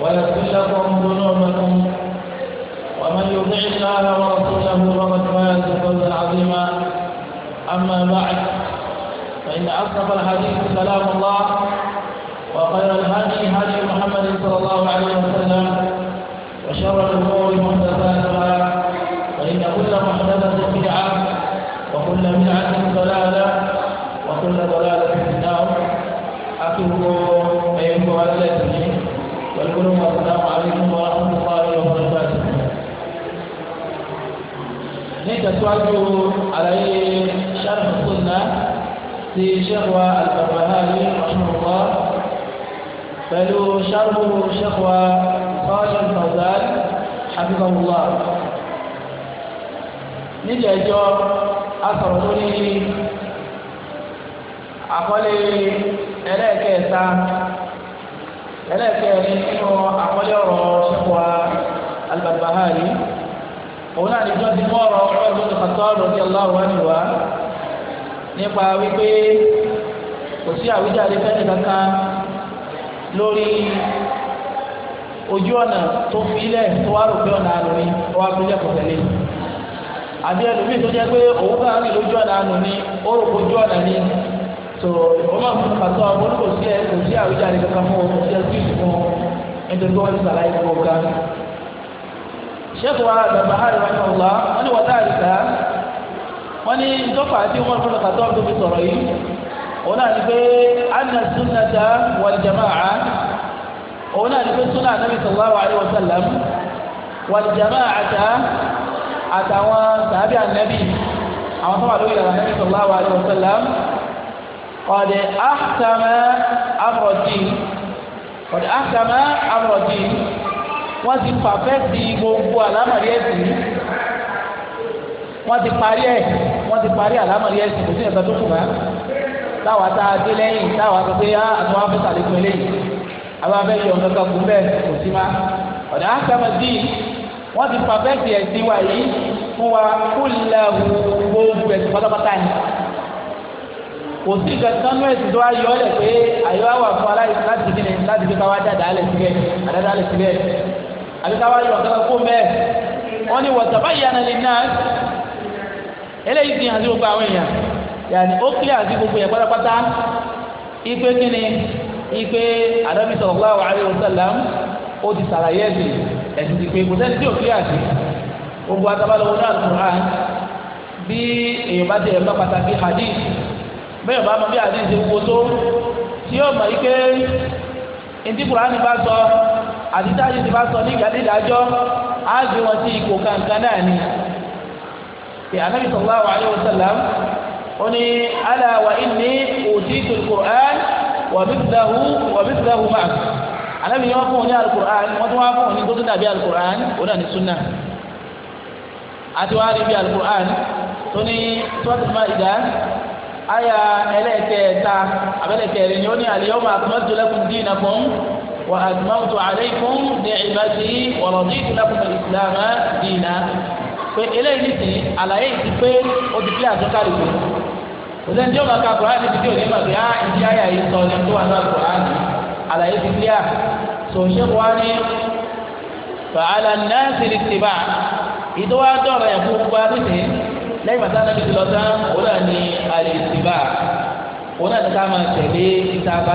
ويغفر لكم ذنوبكم ومن يطع الله ورسوله فقد فاز فوزا عظيما اما بعد فان اصدق الحديث كلام الله وخير الهدي هدي محمد صلى الله عليه وسلم وشر الامور محدثاتها فان كل محدثه بدعه وكل بدعه ضلاله وكل ضلاله في النار اخره ايها الاخوه والكلام والسلام عليكم ورحمة الله وبركاته نتسواجه عليه شرح السنة في شهوة البرهاني رحمه الله فلو شرح شهوة صالح الفوزان حفظه الله nídìí ẹjọ́ asọ̀rọ̀ lórí àkọlé ẹlẹ́ẹ̀kẹta ẹlẹ́ẹ̀kẹ́rin nínú àkọlé ọ̀rọ̀ ṣẹ́kọ̀ọ́ Al-Barbahari òun náà níjọ́ ti mú ọ̀rọ̀ ọ̀rọ̀ ìlú Khattab radiyallahu anhu wá nípa wípé kò sí àwíjàre fẹ́ni kankan lórí ojú ọ̀nà tó filẹ̀ tó wá rò pé ọ̀nà àná ni ó wá filẹ̀ kò tẹ̀lé àbí ẹlòmíì tó jẹ́ pé òun bá rìn lójú ọ̀nà àná ni ó rò pé ojú ọ̀nà ni tó ọmọ àwọn pàtó àwọn oníkò sí ẹ kò sí àwíjàre kankan fún ọ kò sí ẹsùn ìfún ọ ẹjọ́ tó wọn ti sàlàyé fún ọ gan. sẹ́kù wa bàbá àrẹ wa yàn wá wọ́n ní wọ́n dá àríkà wọ́n ní ìjọba àti wọn fún ọkà tó ọdún fi sọ̀rọ̀ yìí òun náà ní pé anna sunnata wal jama'a òun náà ní pé sunna anabi sallallahu alayhi wa sallam wal jama'ata àtàwọn sàbí anabi àwọn tó wà قد أحكم أمر الدين قد أحكم أمر الدين gbogbo wọ́n ti parí ẹ̀ wọ́n ti parí àlámọ̀rí ẹ̀sìn kò sí ẹ̀sán tó kù bá táwa tá a dé lẹ́yìn táwa sọ pé àwọn afẹ́sà lè pẹ́ lẹ́yìn àwọn bẹ́ẹ̀ kò sí ọ̀dà wọ́n ti sí wa yìí fún wa kúlẹ̀ gbogbo ẹ̀sìn pátápátá yìí. kò sí kankan ní ẹ̀sìn tó wá yọ ọ́lẹ̀ pé àyọ̀ wá wà fún aláìsí láti kí ni láti fi káwá dáadáa alẹ̀ síbẹ̀ àdáadáa alẹ̀ síbẹ̀ àbí káwá yọ kankan kó mẹ́ẹ̀ wọ́n ní wọ̀tà báyìí ànálẹ̀ náà eléyìí fi hàn sí gbogbo àwọn èèyàn yàní ó kílẹ̀ àti gbogbo yẹn pátápátá ipe kí ni ipe àdábì sallallahu alaihi wasallam ó ti sàlàyé ẹ̀sìn ẹ̀sìn ti pé kò sẹ́ni tí ò kílẹ̀ àti gbogbo atabalọ́wọ́ náà lọ́kùnrin bí èèyàn bá ti ẹ̀ bẹ́ẹ̀ bá mọ bí àdéhùn ṣe wúwo tó tí yóò mọ̀ ike ntí kùránì bá sọ àdìsá yìí ti bá sọ ní ìdádìdájọ́ á gbé wọn sí ipò kankan náà ni. Ànábì sallallahu alaihi wasallam ó ní ala wa inni utitu al-Qur'an wa mithlahu wa mithlahu ma'ahu. Ànábì ni wọ́n fún un ní al wọ́n tún wá fún un ní tó tún dàbí al ó dà sunnah. Àti wọ́n á rí bí al-Qur'an tó ní sọ́ọ̀tì máa ìdá aya ẹlẹ́kẹ̀ẹ́ta abẹ́lẹ́kẹ̀ẹ́rin ni ó ní al-yawma akmaltu lakum dinakum wa atmamtu alaykum ni'mati wa raditu lakum al-islam dina pé eléyìí ti àlàyé ti pé ó ti fi àtúnkárì tó kò sẹ́ni tí ó máa ka kùránì ti di òní ma pé á ah, ìdí ayà yìí sọ ní tó wà ní kùránì àlàyé ti fi à sòṣè wa ni fa'ala an-nasi al-ittiba' ìdówá dọ̀rọ̀ ẹ̀kú gbogbo àbísí lẹ́yìn bàtà náà ti lọ tán òun náà ni àlèsìbà òun náà ni ká máa tẹ̀lé ìta bá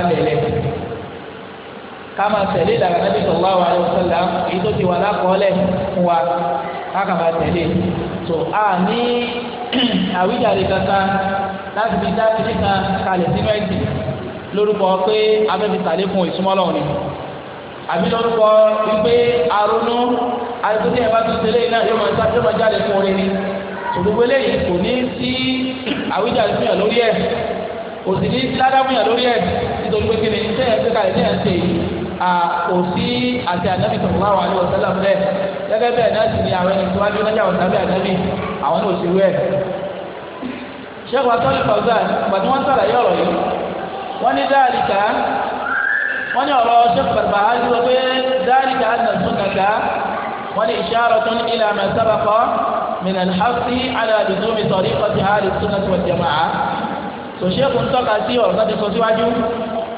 ká máa tẹ̀lé ìlànà nàbí sallallahu alaihi wasallam èyí tó ti wà lákọọ́lẹ̀ fún wa ká kà máa tẹ̀lé tó a ní àwíjàre kankan láti fi dáàbì nìkan kalẹ̀ sínú ẹ̀sìn lórúkọ pé abẹ́fi sàlékún ìsúmọ́lọ́ ni àbí lórúkọ wípé àrùnú àti tó ti ẹ̀ bá tún tẹ̀lé iná yóò máa jáde fún orin ni gbogbo eléyìí kò ní sí àwíjàre fún yàn lórí ẹ̀ kò sì ní sí ládá fún yàn lórí ẹ̀ nítorí pé kí ni ṣé ẹ fẹ́ kalẹ̀ ní ẹ̀ ń ṣe yìí kò sí àti ànábì tó wà wàlúwọ̀ sẹ́lẹ̀ fún ẹ̀ gẹ́gẹ́ bẹ́ẹ̀ náà sì ni àwọn ẹni tó wá bí lọ́jà ọ̀sán bí ànábì àwọn náà ò ṣerú ẹ̀. sẹ́kù àtọ́lẹ̀ fàwùzà gbàtí wọ́n sàlàyé ọ̀rọ̀ yìí wọ́n ní dáàlìkà wọ́n ní ọ̀rọ̀ sẹ́kù bàbá á wọ́n ní isharatun ila ma sabaqa min al-hassi ala luzumi tariqati ahli sunnati wal jamaa'ah sòṣèkù ń tọ́ka sí ọ̀rọ̀ tó ti sọ síwájú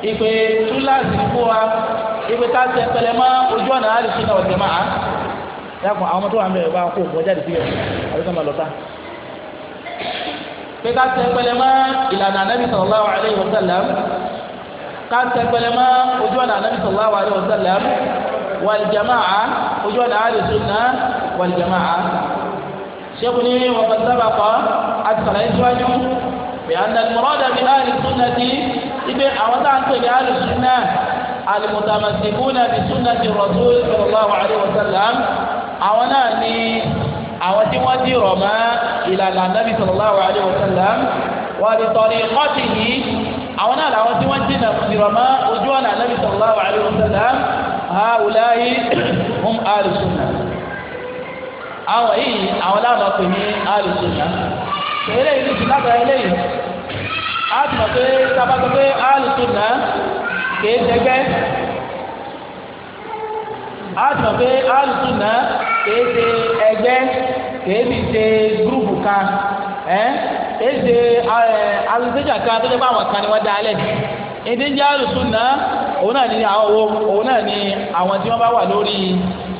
ìpè túláàsì fún wa ìpè ká tẹ pẹlẹ mọ́ ojú ọ̀nà ahli sunnati wal jamaa'ah yàgò àwọn ọmọ tó wà ń bẹ̀rẹ̀ bá kó òkú ọjà dìbò yẹn àbí sọ ma lọ́ta pé ká tẹpẹlẹ mọ́ ìlànà anabi sallallahu wàlìjàmáà ojú ọ̀nà àdìsúnà wàlìjàmáà ṣẹ́kù ní wọ́n sábàkọ́ àti sàlàyé síwájú bẹ̀rẹ̀ mọ́rọ́dà bí àdìsúnà ti ibi àwọn tá à ń pè ní àdìsúnà alìmùtàmàsìkúnà bí súnà ti rọ̀tú sallallahu alaihi wasallam àwọn náà ní àwọn tí wọ́n ti rọ̀ mọ́ ìlànà nàbì sallallahu alaihi wasallam wọ́n ti tọ́ ní kọ́tì yìí àwọn náà làwọn tí wọ́n ti rọ̀ mọ́ ojú ọ̀nà nàbì sallallahu alaihi wasallam haulayi hum alùsùnà àwọn yìí àwọn láwọn máa pè ní alùsùnà eléyìí ní ìsìlágbà eléyìí a ti mọ̀ pé sábà sọ pé alùsùnà kìí ṣẹgbẹ́ a ti mọ̀ pé alùsùnà kìí ṣe ẹgbẹ́ kìí fi ṣe gúrùpù kan ẹ́ kìí ṣe alùsùnà kan ni èdè ń jẹ́ àlùsùnà òun náà ní àwọn owó òun náà ní àwọn tí wọ́n bá wà lórí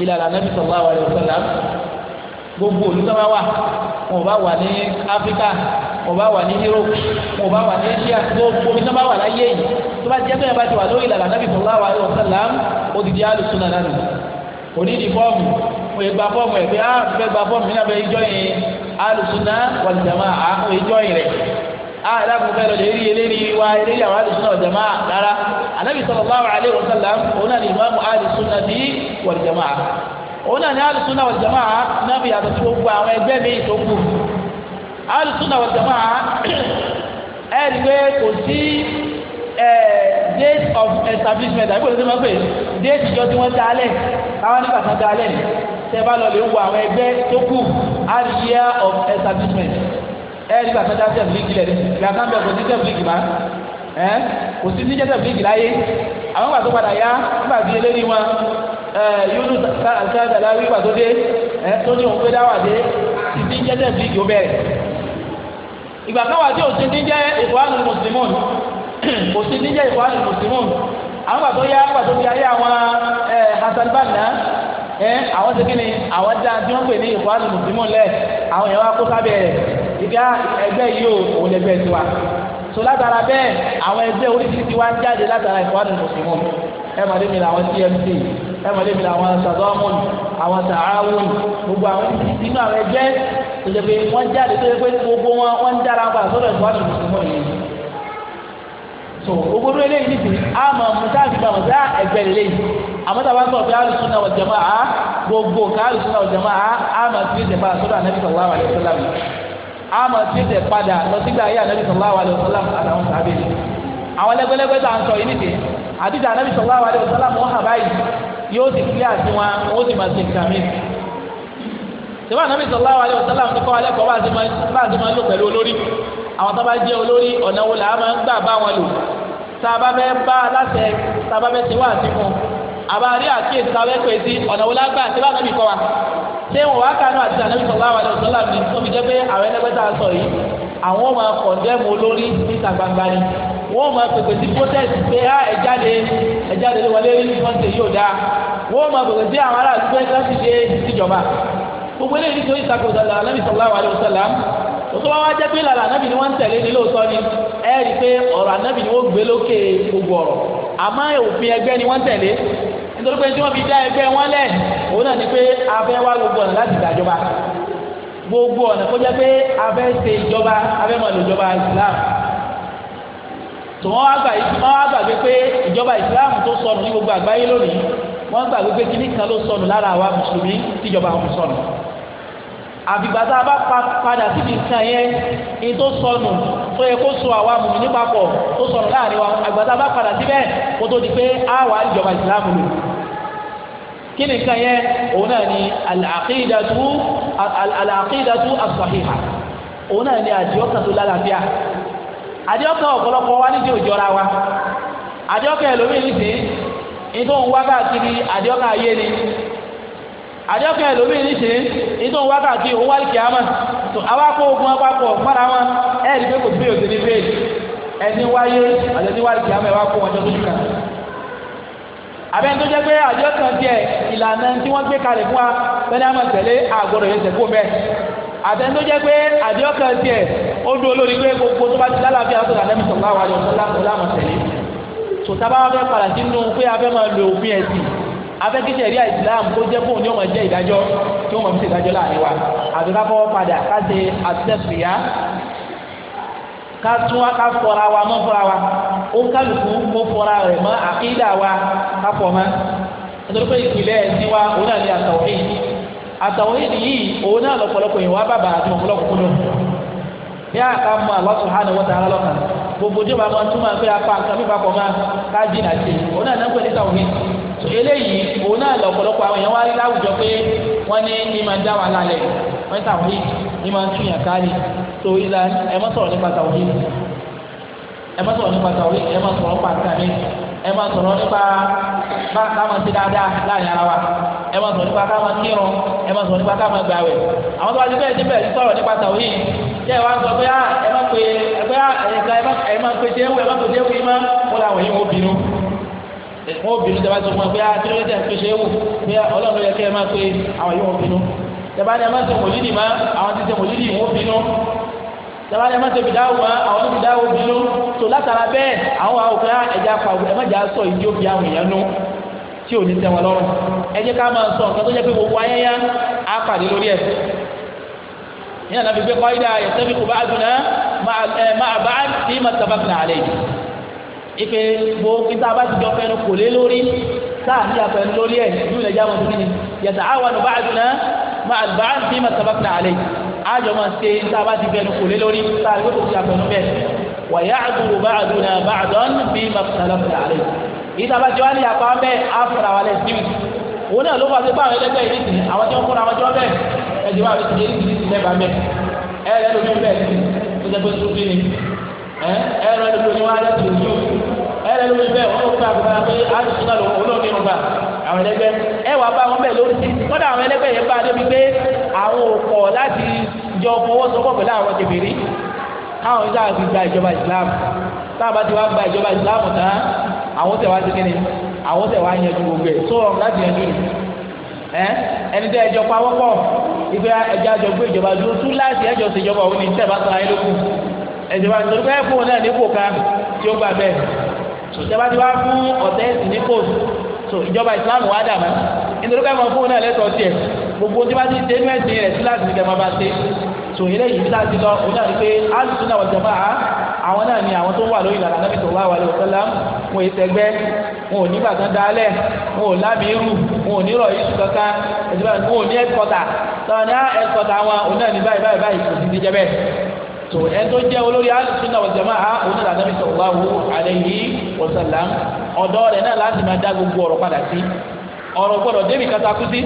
ìlànà nàbì sallallahu alaihi wasallam gbogbo olùkọ́ bá wà wọn bá wà ní áfíríkà wọn bá wà ní europe wọn bá wà ní asia gbogbo omi tó bá wà láyé yìí tó bá jẹ́ pé ẹ bá ti wà lórí ìlànà nàbì sallallahu alaihi wasallam ó ti di àlùsùnà nánu onídìí fọ́ọ̀mù mo yẹ gba fọ́ọ̀mù ẹ̀ pé á ah, fẹ́ gba fọ́ọ̀mù ààrẹ ah, àbúkẹ́ lọ lè rí eléyìí wa eléyìí àwọn àdìsúnà ọ̀jàmá rárá ànábì sallallahu alaihi wasallam òun náà ni ìmáàmù àdìsúnà ní wọ̀lìjàmá òun náà ni àdìsúnà wọ̀lìjàmá náà fi yàtọ̀ sí gbogbo àwọn ẹgbẹ́ mi tó kù àdìsúnà wọ̀lìjàmá ẹ̀ rí pé kò sí date of establishment àbí kò sí máa pè date ìjọ tí wọ́n dálẹ̀ káwọn nígbà kan dálẹ̀ tẹ́ bá lọ lè wo àwọn ẹgbẹ́ tó kù àdìsúnà of establishment ẹ̀ẹ́dì gbà sọ́jà sẹ́m líìgì lẹ̀ ni kan bẹ̀ kò sí sẹ́m líìgì má ẹ̀ kò sí níjẹ́ sẹ́m líìgì láyé àwọn gbà tó padà yá nígbà tí eléyìí wọn yónú sáàdàláwí gbà tó dé ẹ̀ tó ní òun pé dáwà dé ti ti jẹ́ sẹ́m líìgì ó bẹ̀rẹ̀ ìgbà kan wà tí ò sí ti jẹ́ ìfọ̀hánù mùsùlùmọ́ọ̀nù kò sí ti jẹ́ àwọn gbà tó yá fi ayé àwọn Hasan Banna ẹ àwọn ti ni àwọn dáa tí wọ́n pè ní ìfọ̀hánù mùsùlùmọ́ọ̀nù lẹ̀ àwọn yẹn wá kó sábẹ́ gbá ẹgbẹ́ yìí ò òun lẹgbẹ́ ti wa so látara bẹ́ẹ̀ àwọn ẹgbẹ́ oríṣiríṣi wa ń jáde látara ìfọwọ́nù mùsùlùmù ẹ mọ̀ lémi làwọn tmc ẹ mọ̀ lémi làwọn sàdọ́mùn àwọn sàáwùn gbogbo àwọn inú àwọn ẹgbẹ́ tó ṣe pé wọ́n jáde tó ṣe pé gbogbo wọn wọ́n ń dára pa sọ́dọ̀ ìfọwọ́nù mùsùlùmù yìí so gbogbo ní eléyìí nìsín a mọ̀ musa àti bàmọ̀ sí ẹgbẹ́ eléyìí àmọ́ tá a bá ń sọ̀rọ̀ pé alùsùn náà wal jamaa gbogbo ká alùsùn náà wal jamaa a mọ̀ sí ìjẹ̀bá sọ́dọ̀ ànábì sallallahu alaihi wasallam a máa ti tẹ̀ padà lọ sígbà ayé anabi sallallahu alayhi wa sallam àtàwọn sàbẹ̀ àwọn lẹ́gbẹ́lẹ́gbẹ́ tá à ń sọ yìí nìdí àdìdì anabi sallallahu alayhi wa sallam wọn hà báyìí yóò ti kílẹ̀ àti wọn wọn ó ti máa ṣe nǹkan mi. sèwọ́n anabi sallallahu alayhi wa sallam ti kọ́ alẹ́ kọ́ bá a ti máa lò pẹ̀lú olórí àwọn tó bá jẹ́ olórí ọ̀nà wo làá máa ń gbà bá wọn lò tá a bá fẹ́ bá aláṣẹ tá a bá fẹ́ ti wá àti fún un àbárí àkíyèsí táwọn kwezi etí ọ̀nà wo lágbà tí bá nàbì kọ́ wa ṣé wọn wá kánú àti ànábì sọ̀rọ̀ àwọn àlọ́ sọ́lá mi tó fi jẹ́ pé àwọn ẹlẹ́gbẹ́ta sọ yìí àwọn ọmọ kọ̀ndẹ́mù olórí níta gbangba ni wọ́n máa pèpè sí protest pé á ẹ̀jáde ẹ̀jáde ló wọlé ní wọ́n ṣe yóò dáa wọ́n máa pèpè sí àwọn aráàlú pé kí wọ́n ti ṣe ìjọba gbogbo eléyìí nítorí ìtakùn ìsàlẹ̀ anábì sallallahu alaihi wasallam tó bá wá jẹ́ pé ìlànà anábì ni wọ́n ń tẹ̀lé ní lóòótọ́ ni ẹ rí i pé ọ̀rọ̀ anábì ni wọ́n gbé lókè gbogbo ọ̀rọ̀ àmọ́ òfin ẹgbẹ́ ni wọ́n tẹ̀lé nítorí pé tí wọ́n fi dá ẹgbẹ́ wọn lẹ̀ òun náà ni pé a fẹ́ wá gbogbo ọ̀nà láti gbàjọba gbogbo ọ̀nà kó jẹ́ pé a fẹ́ ṣe ìjọba a fẹ́ máa lò ìjọba Islam tó wọ́n wá gbàgbé pé ìjọba Islam tó sọnù ní gbogbo àgbáyé lónìí wọ́n gbàgbé pé kíní kan ló sọnù lára àwa mùsùlùmí tíjọba àwọn sọnù àbígbà tá a bá padà síbi nǹkan yẹn ní tó sọnù tó yẹ kó so àwa mùmí nípapọ̀ tó sọnù láàrin wa àgbà tá a bá padà síbẹ̀ kó tó di pé àwa ìjọba Islam lò kí ni nǹkan yẹn òun náà ni al-aqidatu al-aqidatu as-sahiha òun náà ni àdìọ́kàn tó lálàáfíà àdìọ́kàn ọ̀pọ̀lọpọ̀ wa ní ti òjọra wa àdìọ́kàn ẹlòmíì ní sìn ní tó ń wá káàkiri àdìọ́kàn ayé ni àdìọ́kàn ẹlòmíì ní sìn ní tó wá káàkiri òun wá kíámà tó àwa kó ogun apapọ̀ fara wọn ẹ̀ẹ́dì pé kò sí òsèlú fèèlì ẹni wáyé àti ẹni wá kíámà ẹ̀ kó wọn jọ lójú kan àbẹ́ tó jẹ́ pé àjọ kan tiẹ̀ ìlànà tí wọ́n gbé kalẹ̀ fún wa lẹ́ni àmọ̀ tẹ̀lé àgbọ̀dọ̀ yẹn tẹ̀kú bẹ́ẹ̀ àtẹni tó jẹ́ pé àjọ kan tiẹ̀ ó dúró lórí pé gbogbo tó bá ti lálàáfíà tó dà lẹ́mí sọ̀rọ̀ àwọn àjọ sọ́lá sọ́lá àmọ̀ tẹ̀lé sòtábà wọn fẹ́ padà sínú pé afẹ́ máa lo òfin ẹ̀sìn afẹ́ kí sẹ̀ríà islam kó jẹ́ fóun ní ọmọ jẹ́ ìdájọ́ tí wọ́n mọ̀ fi ṣèdájọ́ láàrin wa àbíká fọwọ́ padà ká ṣe àtẹ̀sùyá ka tún wá ká fọra wa mọ́ fọra wa ó kálukú kó fọra rẹ̀ mọ́ àkídà wa ká fọ mọ́ nítorí pé ìpìlẹ̀ ẹ̀sìn wa òun náà ní àtàwhídì àtàwhídì yìí òun náà lọ́pọ̀lọpọ̀ ìwà bàbà àti ọ̀pọ̀lọpọ̀ o bá mọ túmọ̀ pé apá nǹkan bí papọ̀ máa ká jìnnà sí i òun náà náà so ìlà ẹ má sọ̀rọ̀ nípa tàwí ẹ má sọ̀rọ̀ nípa tàwí ẹ má sọ̀rọ̀ nípa tàmí ẹ má sọ̀rọ̀ nípa káma ti dáadáa láàrin ara wa ẹ má sọ̀rọ̀ nípa káma kírun ẹ má sọ̀rọ̀ nípa káma gbàwẹ̀ àwọn tó wá ti bẹ́ẹ̀ ti bẹ́ẹ̀ sọ̀rọ̀ nípa tàwí tẹ́ ẹ wá sọ pé ah, ẹ má pe ẹ ah, má pe déwù ẹ má pe déwù yìí má wọ́n làwọn yìí wọ́n bínú wọn obìnrin tẹ bá sọ fún ah, ẹ pé akérèdè àpèsè ewu pé ọlọ́run yẹ kẹ́ ẹ máa pe àwọn yóò bínú tẹ bá dabali ẹ má ṣe bidawo wa àwọn ní bidawo bínú tó látara bẹ́ẹ̀ àwọn wa òkè ẹja pa òkè ẹ má jà sọ ìdí òbí àwọn èèyàn nú tí ò ní tẹ́wọn lọ́rùn ẹ ká máa sọ nǹkan tó jẹ́ pé gbogbo ayẹyẹ á pàdé lórí ẹ̀ ní ànábi gbé kọ́ídà yẹtẹ́bí kò bá dùn náà máa bá a máa tabak máa àgbà ń fi máa sábà fún àlẹ́ àjọ máa ṣe tá a bá ti fẹnu kò lé lórí tá a lè kó ti àfẹnu bẹ́ẹ̀ wà yá àdúró bá àdúrà bá àdán bí máa sábà fún àlẹ́ ìta bá ti wá ní apá bẹ́ẹ̀ á fara wa lẹ̀ sí mi òun náà ló fà sí báwọn ẹlẹgbẹ́ yìí nìyí àwọn tí wọ́n fúnra wọn jọ bẹ́ẹ̀ ẹ̀jẹ̀ bá mi ti yé ní ti lẹ́bàá bẹ́ẹ̀ ẹ̀ ẹ̀ lómi bẹ́ẹ̀ ti ó jẹ́ pé sùn bí ni ẹ̀ ẹ̀ lómi bẹ́ẹ̀ wọ́n á lẹ́sìn ìlú ẹ̀ lómi bẹ́ẹ̀ wọ́n ó gbà gbà pé á ti sùn náà lòun olóòmìnira àwọn ẹlẹgbẹ́ ẹ wàá bá wọn bẹ́ẹ̀ lórí sí kọ́dà àwọn ẹlẹgbẹ́ yẹn bá a débi pé àwọn ò kọ̀ láti jọ fọwọ́sowọ́pọ̀ pẹ̀lú àwọn kèfèrí káwọn ìjà fi gba ìjọba ìsìlámù táàbà ti wá gba ìjọba ìsìlámù tán àwọn tẹ̀ wá sí kíni àwọn tẹ̀ wá yanjú gbogbo ẹ̀ tó rọrùn láti yanjú ni ẹ ẹni tẹ ẹjọ pawọ́pọ̀ ìgbé ẹjọ àjọ gbé ìjọba dúró tún láti ẹjọ ṣèjọba òun ní tẹ̀ bá sọ ayé lókun ẹjọba ìjọba ẹ̀fọ́ náà nípò kan tí ó gbà bẹ́ẹ̀ ìjọba ti wá fún ọ̀tẹ́ ẹ̀sìn nípò so ìjọba islam wà dà mọ́ nítorí ká máa fún un náà lẹ́tọ̀ọ́ tiẹ̀ gbogbo tí wọ́n ti dé inú ẹ̀sìn rẹ̀ síláàsì ní kẹfà bá ṣe so eléyìí bí láti lọ òun náà ni pé alùpùpù náà wọ̀jọ̀ bá àwọn náà ni àwọn tó wà lórí ìlànà Ànábì sallallahu alaihi wasallam wọn èyí tẹgbẹ́ wọn ò ní gbàgán dálẹ̀ wọn ò lábìírù wọn ò ní rọ̀ yìí kankan wọn ò ní ẹ̀kọ́tà tọ́wọ́n ní ẹ̀kọ́tà ah, wọn òun náà ní báyìí báyìí báyìí kò sí ti jẹ́ bẹ́ẹ̀ so ẹni tó jẹ́ olórí alùpùpù náà wọ̀jọ̀ bá àwọn náà ọ̀dọ̀ rẹ̀ náà láti máa dá gbogbo ọ̀rọ̀ padà sí ọ̀rọ̀ gbọ́dọ̀ débi kataku sí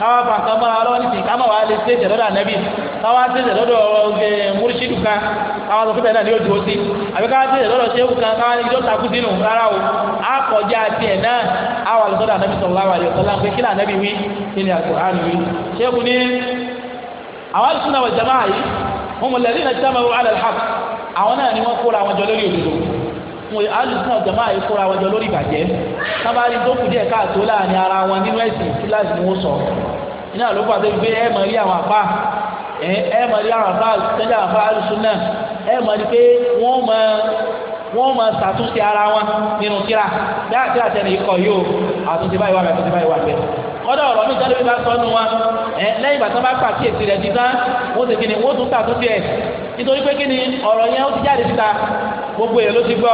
káwá fàǹkà mọ́ra lọ́wọ́ nìsín ká máa wà á lè ṣe ìṣẹ̀lọ́dọ̀ ànábì káwá ṣe ìṣẹ̀lọ́dọ̀ ọ̀gẹ̀ múrísìlú kan káwá sọ fúnbẹ̀ náà ni ó dúró sí àbí káwá ṣe ìṣẹ̀lọ́dọ̀ ṣe kan káwá ní ìjọ takú sínú rárá o á kọjá tiẹ̀ náà á wà lọ́sọ̀dọ̀ ànábì sallallahu alaihi wasallam pé kí ni ànábì wí kí ni Al-Qur'an wí ṣéèkù ní àwọn Ahlus Sunnah wal Jama'ah yìí wọn mọ̀lẹ́rì náà ti sábà wọ àwọn náà ni wọ́n kóra àwọn jọ lórí òdodo alùsùn ọ̀jọ̀mọ́ àyè kóra wọn jọ lórí ìbàjẹ́ sábàárì tó kù díẹ̀ káàtó láàrin ara wọn nínú ẹ̀sìn kíláàsì ni wọ́n sọ iná ló pàṣẹ pé ẹ mọ̀ rí àwọn àpá ẹ mọ̀ rí àwọn àpá tẹ́lẹ̀ àpá alùsùn náà ẹ mọ̀ rí pé wọ́n mọ̀ wọ́n mọ̀ ṣàtúnṣe ara wọn nínú kíra dáàtí àtẹnì ikọ̀ yóò àtúnṣe báyìí wà bẹ́ẹ̀ àtúnṣe báyìí wà bẹ́ẹ̀ kọ́dọ̀ ọ̀rọ̀ mi jáde bíbá sọ́nu wa ẹ lẹ́yìn ìgbà tí wọ́n bá pàkíyèsí rẹ̀ dídá wọ́n ti kí ni wọ́n tún ṣàtúnṣe ẹ̀ nítorí pé kí ni ọ̀rọ̀ yẹn ó ti jáde síta gbogbo èèyàn ló ti gbọ́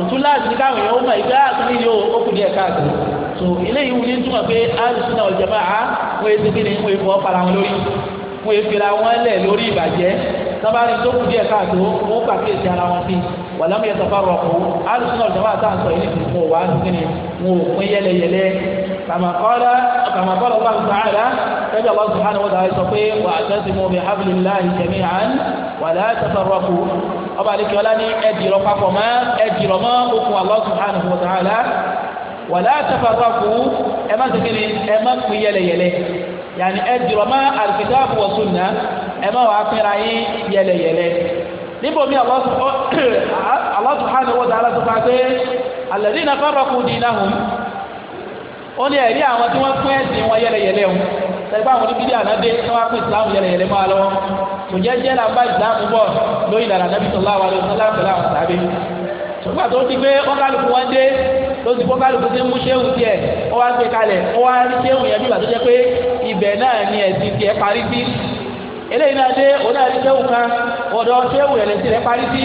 òtún láti káwọn èèyàn ó mọ̀ ìgbà àtúndì ah, yóò ó kù díẹ̀ káàkiri tó eléyìí wúni túmọ̀ pé alùsùn náà ọ̀jẹ̀ máa wọ́n èsì kí ni wọ́n èfọ́ para wọn lórí wọ́n èfìlà wọn lẹ̀ lórí ìbàjẹ́ sábàárì tó kù díẹ̀ káàtó wọn gbà kí èsì ara wọn sí wàlámù yẹn sọfà rọpò alùsùn náà jọba àtà sọ yìí nìkan wà á nìkan ni wọn ò pín yẹlẹyẹlẹ kàmàkọ́lá kàmàkọ́lá ọba àgbàlá ẹbí ọba subhanahu wa ta'ala sọ pé wà á tẹ́sí mu bí hablillahi jami'an wà láyé sọfà rọpò ọba àdìkíọ́lá ní ẹ̀dìrọ̀ papọ̀ mọ́ ẹ̀dìrọ̀ mọ́ okùn Allah subhanahu wa ta'ala sọfà ẹ má wàá pẹ́ra yín yẹlẹyẹlẹ níbo mi Allah subhanahu wa ta'ala sọ fún wa pé alladhina farraqu dinahum ó ní ẹ̀rí àwọn tí wọ́n pín ẹ̀sìn wọn yẹlẹyẹlẹ o sẹ́gbẹ́ àwọn oníbídí ànádé tí wọ́n á pín ìsìlámù yẹlẹyẹlẹ máa lọ́wọ́ tòjẹ́jẹ́ la bá ìsìlámù bọ̀ lórí ìlànà nàbí sallallahu alaihi wasallam pẹ̀lú àwọn sàbẹ̀ sọgbà tó ti gbé ọkàlùkù wọn dé ló ti kọkàlùkù ti mú séwù tiẹ̀ ó wá gbé kalẹ̀ ó wá rí yẹn bí wà tó jẹ́ pé ibẹ̀ náà ni ẹ̀sìn tiẹ̀ parí sí eléyìí náà dé oní àdìsẹ́wù kan ọ̀dọ̀ sẹ́wù rẹ̀ lẹ́sìn rẹ̀ parí sí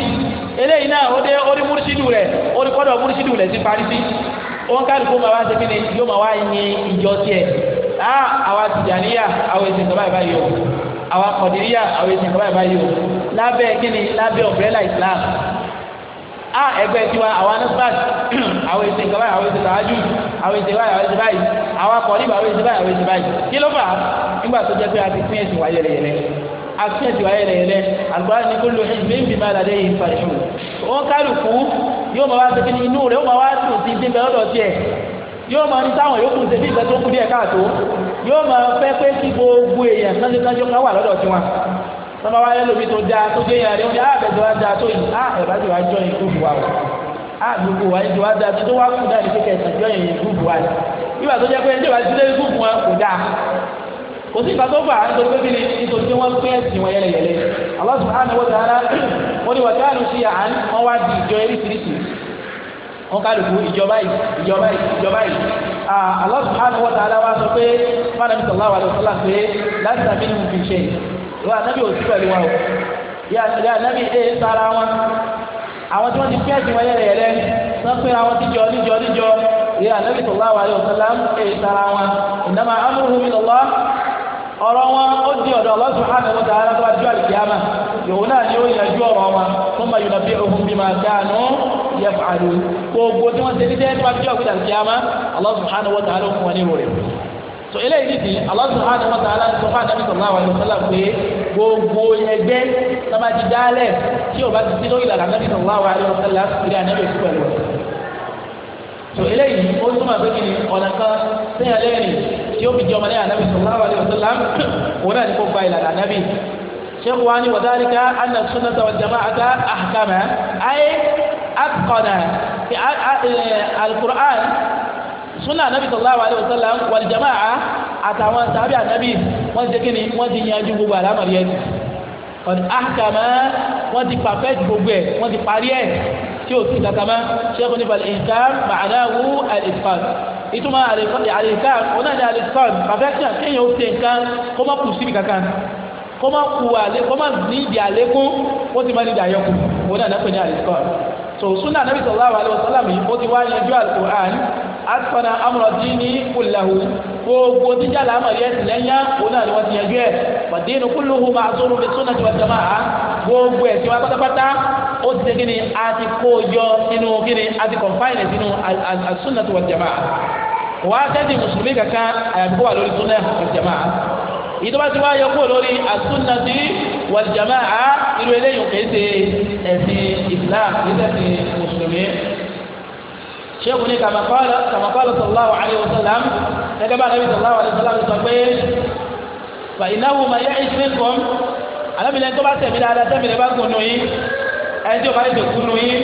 eléyìí náà ó dé orí múrísídù rẹ̀ orí kọ́dọ̀ múrísídù rẹ̀ sí parí sí òun kálukú máa wá ṣe kí ni yóò máa wá yin ìjọ tiẹ̀ á àwa tìjàníyà àwọn èsì ìjọba ìbáyìí o àwa kọ̀dìríyà àwọn èsì ìjọba ìbáyìí o lábẹ́ kí ni lábẹ́ Islam á ẹgbẹ́ tiwa àwa nasfat àwọn èsì ìjọba àwọn èsì ìjọba àwọn èsì báyìí àwọn èsì báyìí àwọn akọ̀rìbà àwọn èsì báyìí àwọn èsì báyìí kí ló fà á nígbà tó jẹ́ pé a ti pín ẹ̀sìn wáyé rẹ̀ yẹlẹ a pín ẹ̀sìn wáyé rẹ̀ yẹlẹ àgbáyé ni kúlù ẹ̀mí máa dàdé yìí fà ìṣù ó kálukú yóò máa wá sí kíni inú rẹ̀ ó máa wá sùn sí ti bẹ̀rẹ̀ tiẹ̀ yóò máa ní táwọn yòókù ṣe bí ìgbà tó kú díẹ̀ káàtó yóò máa fẹ́ pé kí gbogbo èèyàn kánjúkánjú kan wà lọ́dọ̀ tiwọn tọ́ba wáyé lómi tó dáa tó dé yàrá rẹ̀ ó ní àbẹ̀dọ̀ ah, á dáa tó yìí á ah, ẹ̀bá ti wá jọ ìkú fún wa o àgbègbè ah, wa ìjọba da tó wá kú dáa ní kékeré ìtàjọ yẹn yẹn gúùpù wa nígbà tó jẹ́ pé ẹjọba ti lé gúùpù wọn kò dáa kò sí ìgbà tó fà á nítorí pé kíni nítorí pé wọ́n pín ẹ̀sìn wọn yẹlẹyẹlẹ Allah subhanahu wa ta'ala wọ́n ní wà káàlù sí àán wọ́n wá di ìjọ eréṣiríṣi wọ́n kálukú ìjọba yìí ìjọba yìí ìjọba yìí Allah subhanahu wa ta'ala wá sọ pé fúnàmì sallallahu alaihi ẹ̀sìn wọn yẹlẹ yẹlẹ wọ́n pín àwọn tíjọ níjọ níjọ ìyá anabi sallallahu alaihi wasallam ẹ̀ ìtara wọn ìdámà amúhùn mi lọ́wọ́ ọ̀rọ̀ wọn ó di ọ̀dọ̀ Allah subhanahu wa ta'ala tó adúlá ìkíyàmà yòówù náà ni ó yànjú ọ̀rọ̀ wọn tó máa yọ̀nà bí ohun bí máa dáànù yẹ fàánù gbogbo tí wọ́n ṣe ní sẹ́yìn tó máa fi ọ̀gbìn ìkíyàmà Allah subhanahu gbogbo ẹgbẹ́ sábà ti dálẹ̀ tí o bá ti sí lórí ìlànà nàbì sọ̀rọ̀ wá lọ sẹ́lá ìrìn ànábì sí pẹ̀lú ẹ̀. tó eléyìí ó túmọ̀ pé kí ni ọ̀nà kan sẹ́yìn lẹ́yìn tí ó fi jẹ́ ọmọlẹ́yìn ànábì sọ̀rọ̀ wá lọ sẹ́lá òun náà kó gba ìlànà ànábì. شيخ واني وذلك أن السنة والجماعة أحكمها أي أتقنها القرآن سنة النبي صلى الله عليه وسلم والجماعة àtàwọn sábẹ́ ànábì wọ́n ti kíni wọ́n ti yanjú gbogbo àlámọ̀rí ẹ̀sìn ọ̀dọ̀ àkàmọ́ wọ́n ti pàfẹ́t gbogbo ẹ̀ wọ́n ti parí ẹ̀ tí ó ti kàkàmọ́ ṣẹ́kùn nípa ìka màdáwù àlìfàn ìtumọ̀ àlìfàn òun náà ní àlìfàn pàfẹ́tìyà kéèyàn ó ṣe nǹkan kó má kù síbi kankan kó má kù àlé kó má ní ìdí àlékún ó ti má ní ìdí àyọkù òun náà náà pè ní àlìfàn so sunna anabi sallallahu alayhi wa sallam ó ti wá yanjú àlùkò asfana amúrọ̀dí ní kùlẹ̀hù gbogbo jíjà làmọ̀rí ẹ̀sìn lẹ́yìn òun náà ni wọ́n ti yanjú ẹ̀ pàdínù kúlùhù máa sọ̀rọ̀ bí sọ́nà tí wọ́n jẹ́ máa gbogbo ẹ̀sìn wa pátápátá ó ti ṣe kíni a ti kó yọ nínú kíni a ti kọ̀nfáìnì sínú àsúnà tí wọ́n jẹ́ máa wà á tẹ́tí mùsùlùmí kankan àyàfi wà lórí súnà wọ́n jẹ́ máa ìjọba ti wá yọ kó lórí àsúnà tí wọ́n jẹ́ máa irú eléyìí kì ṣéèkù ní kàmàkọ́lá kàmàkọ́lá sallallahu alayhi wa sallam gẹ́gẹ́ bá alábi sallallahu alayhi wa sallam sọ pé fa ìnáwó ma yẹ ìsìn kọ́m alábìlẹ̀ tó bá tẹ̀mí dáadáa tẹ̀mí rẹ̀ bá gùn nù yín ẹni tí o bá lè dẹ̀kú nù yín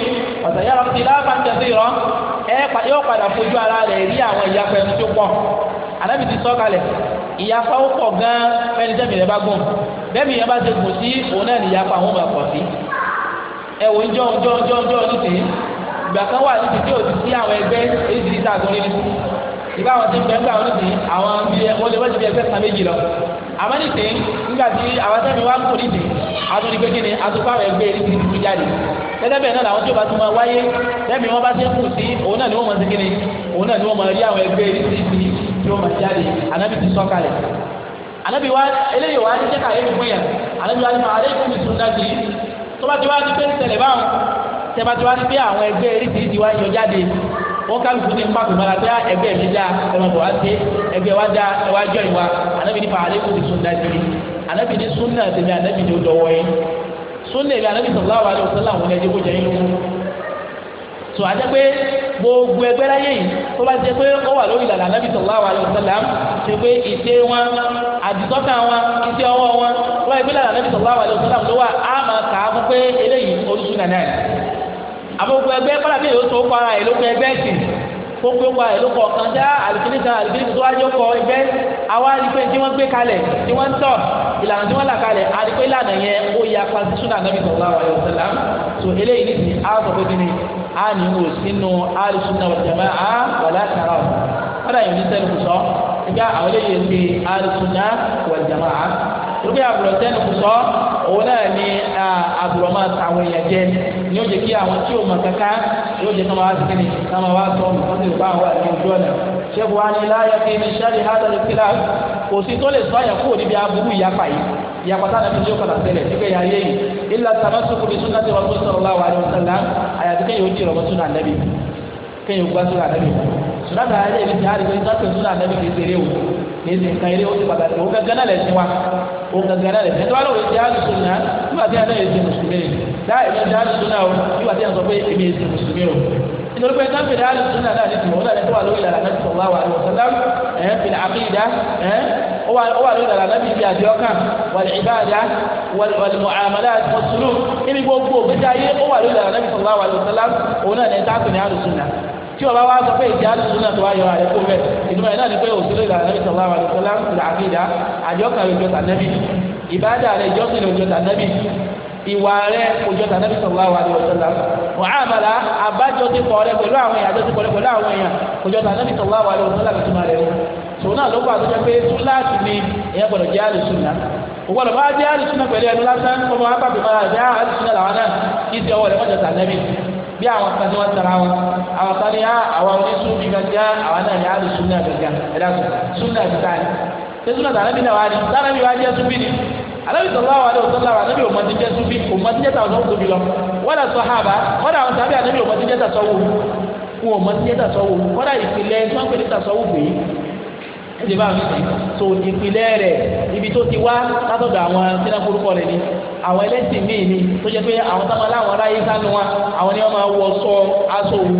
ọ̀sẹ̀ yàrá ti láàbà ń tẹ̀sí rọ ẹ yóò padà fojú ara rẹ̀ rí àwọn ìyapẹ̀ tó pọ̀ alábi ti sọ kalẹ̀ ìyapa ó pọ̀ gan fẹ́ni tẹ̀mí rẹ̀ bá gùn bẹ́ẹ̀ni ìyapa ti gùn sí òun náà ní ìyapa àwọn ọmọ àpọ̀ sí ẹ̀wọ̀n jọ́ jọ́ jọ́ jọ́ nítorí ìgbà kan wà níbi tí o ti sí àwọn ẹgbẹ́ èyí ti ta àtúndé ní ìgbà àwọn tí ń bẹ́ẹ̀ gbà wọ́n ti àwọn bí wọ́n lè wọ́n ti bí ẹgbẹ́ kan méjì lọ àmọ́ nìsín nígbà tí àwọn sẹ́mi wá kú nídìí àtúndé pé kí ni àtúkọ́ àwọn ẹgbẹ́ èyí ti ti jáde gẹ́gẹ́ bẹ́ẹ̀ náà làwọn tí o bá tún máa wáyé sẹ́mi wọ́n bá ti kù sí òun náà ni wọ́n máa ti kí ni òun náà ni wọ́n máa rí àwọn ẹgbẹ́ èyí ti ti tí wọ́n máa jáde ànábì ti sọ kalẹ̀ ànábì wa eléyìí wa ti jẹ́ kàlẹ́ fún yẹn ànábì wa ti máa alẹ́ tẹ́bá tí wá ní pé àwọn ẹgbẹ́ eréṣiríṣi wá yọ jáde wọ́n kálukú ní pàtó mọ́ra pé ah, ẹgbẹ́ mi dá ẹ̀rọ̀bọ̀ wá sí ẹgbẹ́ wa dá ẹwà jọ ìwà anábì nípa àlékún ti sùn dájú anábì ní súnà tèmi anábì ní odò wọ́yé súnà èmi anábì sọ̀rọ̀ àwọn àlọ́ sọ́lá àwọn ẹ̀jẹ̀ kó jẹ́ inú tó a jẹ́ pé gbogbo ẹgbẹ́ láyé yìí tó bá jẹ́ pé ó wà lórí ìlànà anábì sọ̀rọ̀ àwọn àlọ́ sọ́lá ṣe pé ìṣe wọn àdìsọ́kà wọn iṣẹ́ ọwọ́ wọn wọ́n ẹgbẹ́ láyé anábì sọ̀rọ̀ àwọn àlọ́ sọ́lá àbúkù ẹgbẹ́ kọ́lá bí yóò tó kọ́ ara ẹ̀ ló kọ́ ẹgbẹ́ sí kó pé kọ́ ara ẹ̀ ló kọ́ ọ̀kan dá àlùkìní kan àlùkìní tó wájú kọ́ ẹgbẹ́ àwa rí pé tí wọ́n gbé kalẹ̀ tí wọ́n ń tọ̀ ìlànà tí wọ́n là kalẹ̀ àdìpé ìlànà yẹn ó ya pàṣípàṣípà nàbì sallallahu alaihi wasallam tó eléyìí ní ti á sọ pé kí ni á ní wò sínú al-sunnah wal jama'ah wala tara ọ̀dà yìí ní sẹ́nu sọ ẹgbẹ́ àwọn eléyìí ti al-sunnah wal jama'ah torí àbùrọ̀ tẹ́nu kù sọ òun náà ni àbùrọ̀ máa ta àwọn èèyàn jẹ ni ó jẹ́ kí àwọn tí ò mọ̀ kankan ni ó jẹ́ kí wọ́n wá sí kí wọ́n wá sọ ọmọ tó bá wà ní ojú ọ̀nà ṣẹ́fù wa ni láyọ̀ kí ni sáré hádàlú kílá kò sí tó lè sọ àyàn kúrò níbi aburú ìyapa yìí ìyapa tá a lè fi kọ́lá tẹ́lẹ̀ nígbà yà yé yìí ilà tàbá sókò bí súnà tí wọ́n tó sọ̀rọ̀ láwa àlẹ́ òsàlá àyàtí kéèyàn ó jìrọ̀ súnà nẹ́bí kéèyàn ó gbá súnà ti hàrí pé o kì í ṣe nǹkan wa òun gangan náà rẹ̀ ẹ̀ tó bá lóun jẹ́ alùsùn náà nígbà tí ẹ̀dá èsì mùsùlùmí rẹ̀ dá ẹ̀dá jẹ́ alùsùn náà o nígbà tí ẹ̀ sọ pé èmi èsì mùsùlùmí o nítorí pé ẹ̀dá fèrè alùsùn náà láti tìmọ̀ ọ̀dà tó wà lórí ìlànà náà sọ̀rọ̀ wà lórí ọ̀sán láàmú ẹ̀ fìlà àkìdá ẹ̀ ó wà lórí ìlànà náà bíi àdìọ́kàn wàlẹ̀ ìbáàdá wàlùmọ̀àmàlà wàsùlù níbi gbogbo ògbésí ayé ó wà lórí ìlànà náà sọ̀rọ̀ wà lórí ọ̀sán láàmú tí ọba wa sọ pé ìjà tuntun náà tó wá yọ àyẹ̀kú rẹ̀ ìtumọ̀ yẹn náà ni pé òṣèlú ìlànà nàbí sọ̀rọ̀ àwọn àdìsọ láǹkìlà àkìlà àjọkà òjò tànàbí ìbádà rẹ̀ ìjọsìn òjò tànàbí ìwà rẹ̀ òjò tànàbí sọ̀rọ̀ àwọn àdìsọ láǹkìlà wàhálà àbájọ ti àwọn èèyàn àwọn èèyàn àwọn àdìsọ bí àwọn kan tí wọ́n tara wọn àwọn kan ní ah, àwọn oníṣu bí gàgà àwọn náà ní àlù súnà gàgà ẹ̀dá súnà gàgà ni ṣé súnà tàbí bí làwọn ni tàbí bí wàá jẹ́ súnbí ni alábi sọ̀rọ̀ àwọn àdéhùn sọ̀rọ̀ àwọn àdébí òmùmá ti jẹ́ súnbí òmùmá ti jẹ́ tàwọn tóbi lọ wọ́dà sọ hàbá wọ́dà àwọn tàbí àdébí òmùmá ti jẹ́ tàsọ̀wò wọn òmùmá ti jẹ́ tàsọ̀wò wọ́dà ìpìlẹ̀ tí ẹsẹ̀ bá mi tó ìpìlẹ̀ rẹ̀ ibi tó ti wá látọ̀dọ̀ àwọn sinakorúkọ rẹ̀ ni àwọn ẹlẹ́sìn míì ni tó jẹ́ pé àwọn sábà láwọn aráyé sánú wa àwọn ni wọ́n máa wọ sọ aṣọ òwú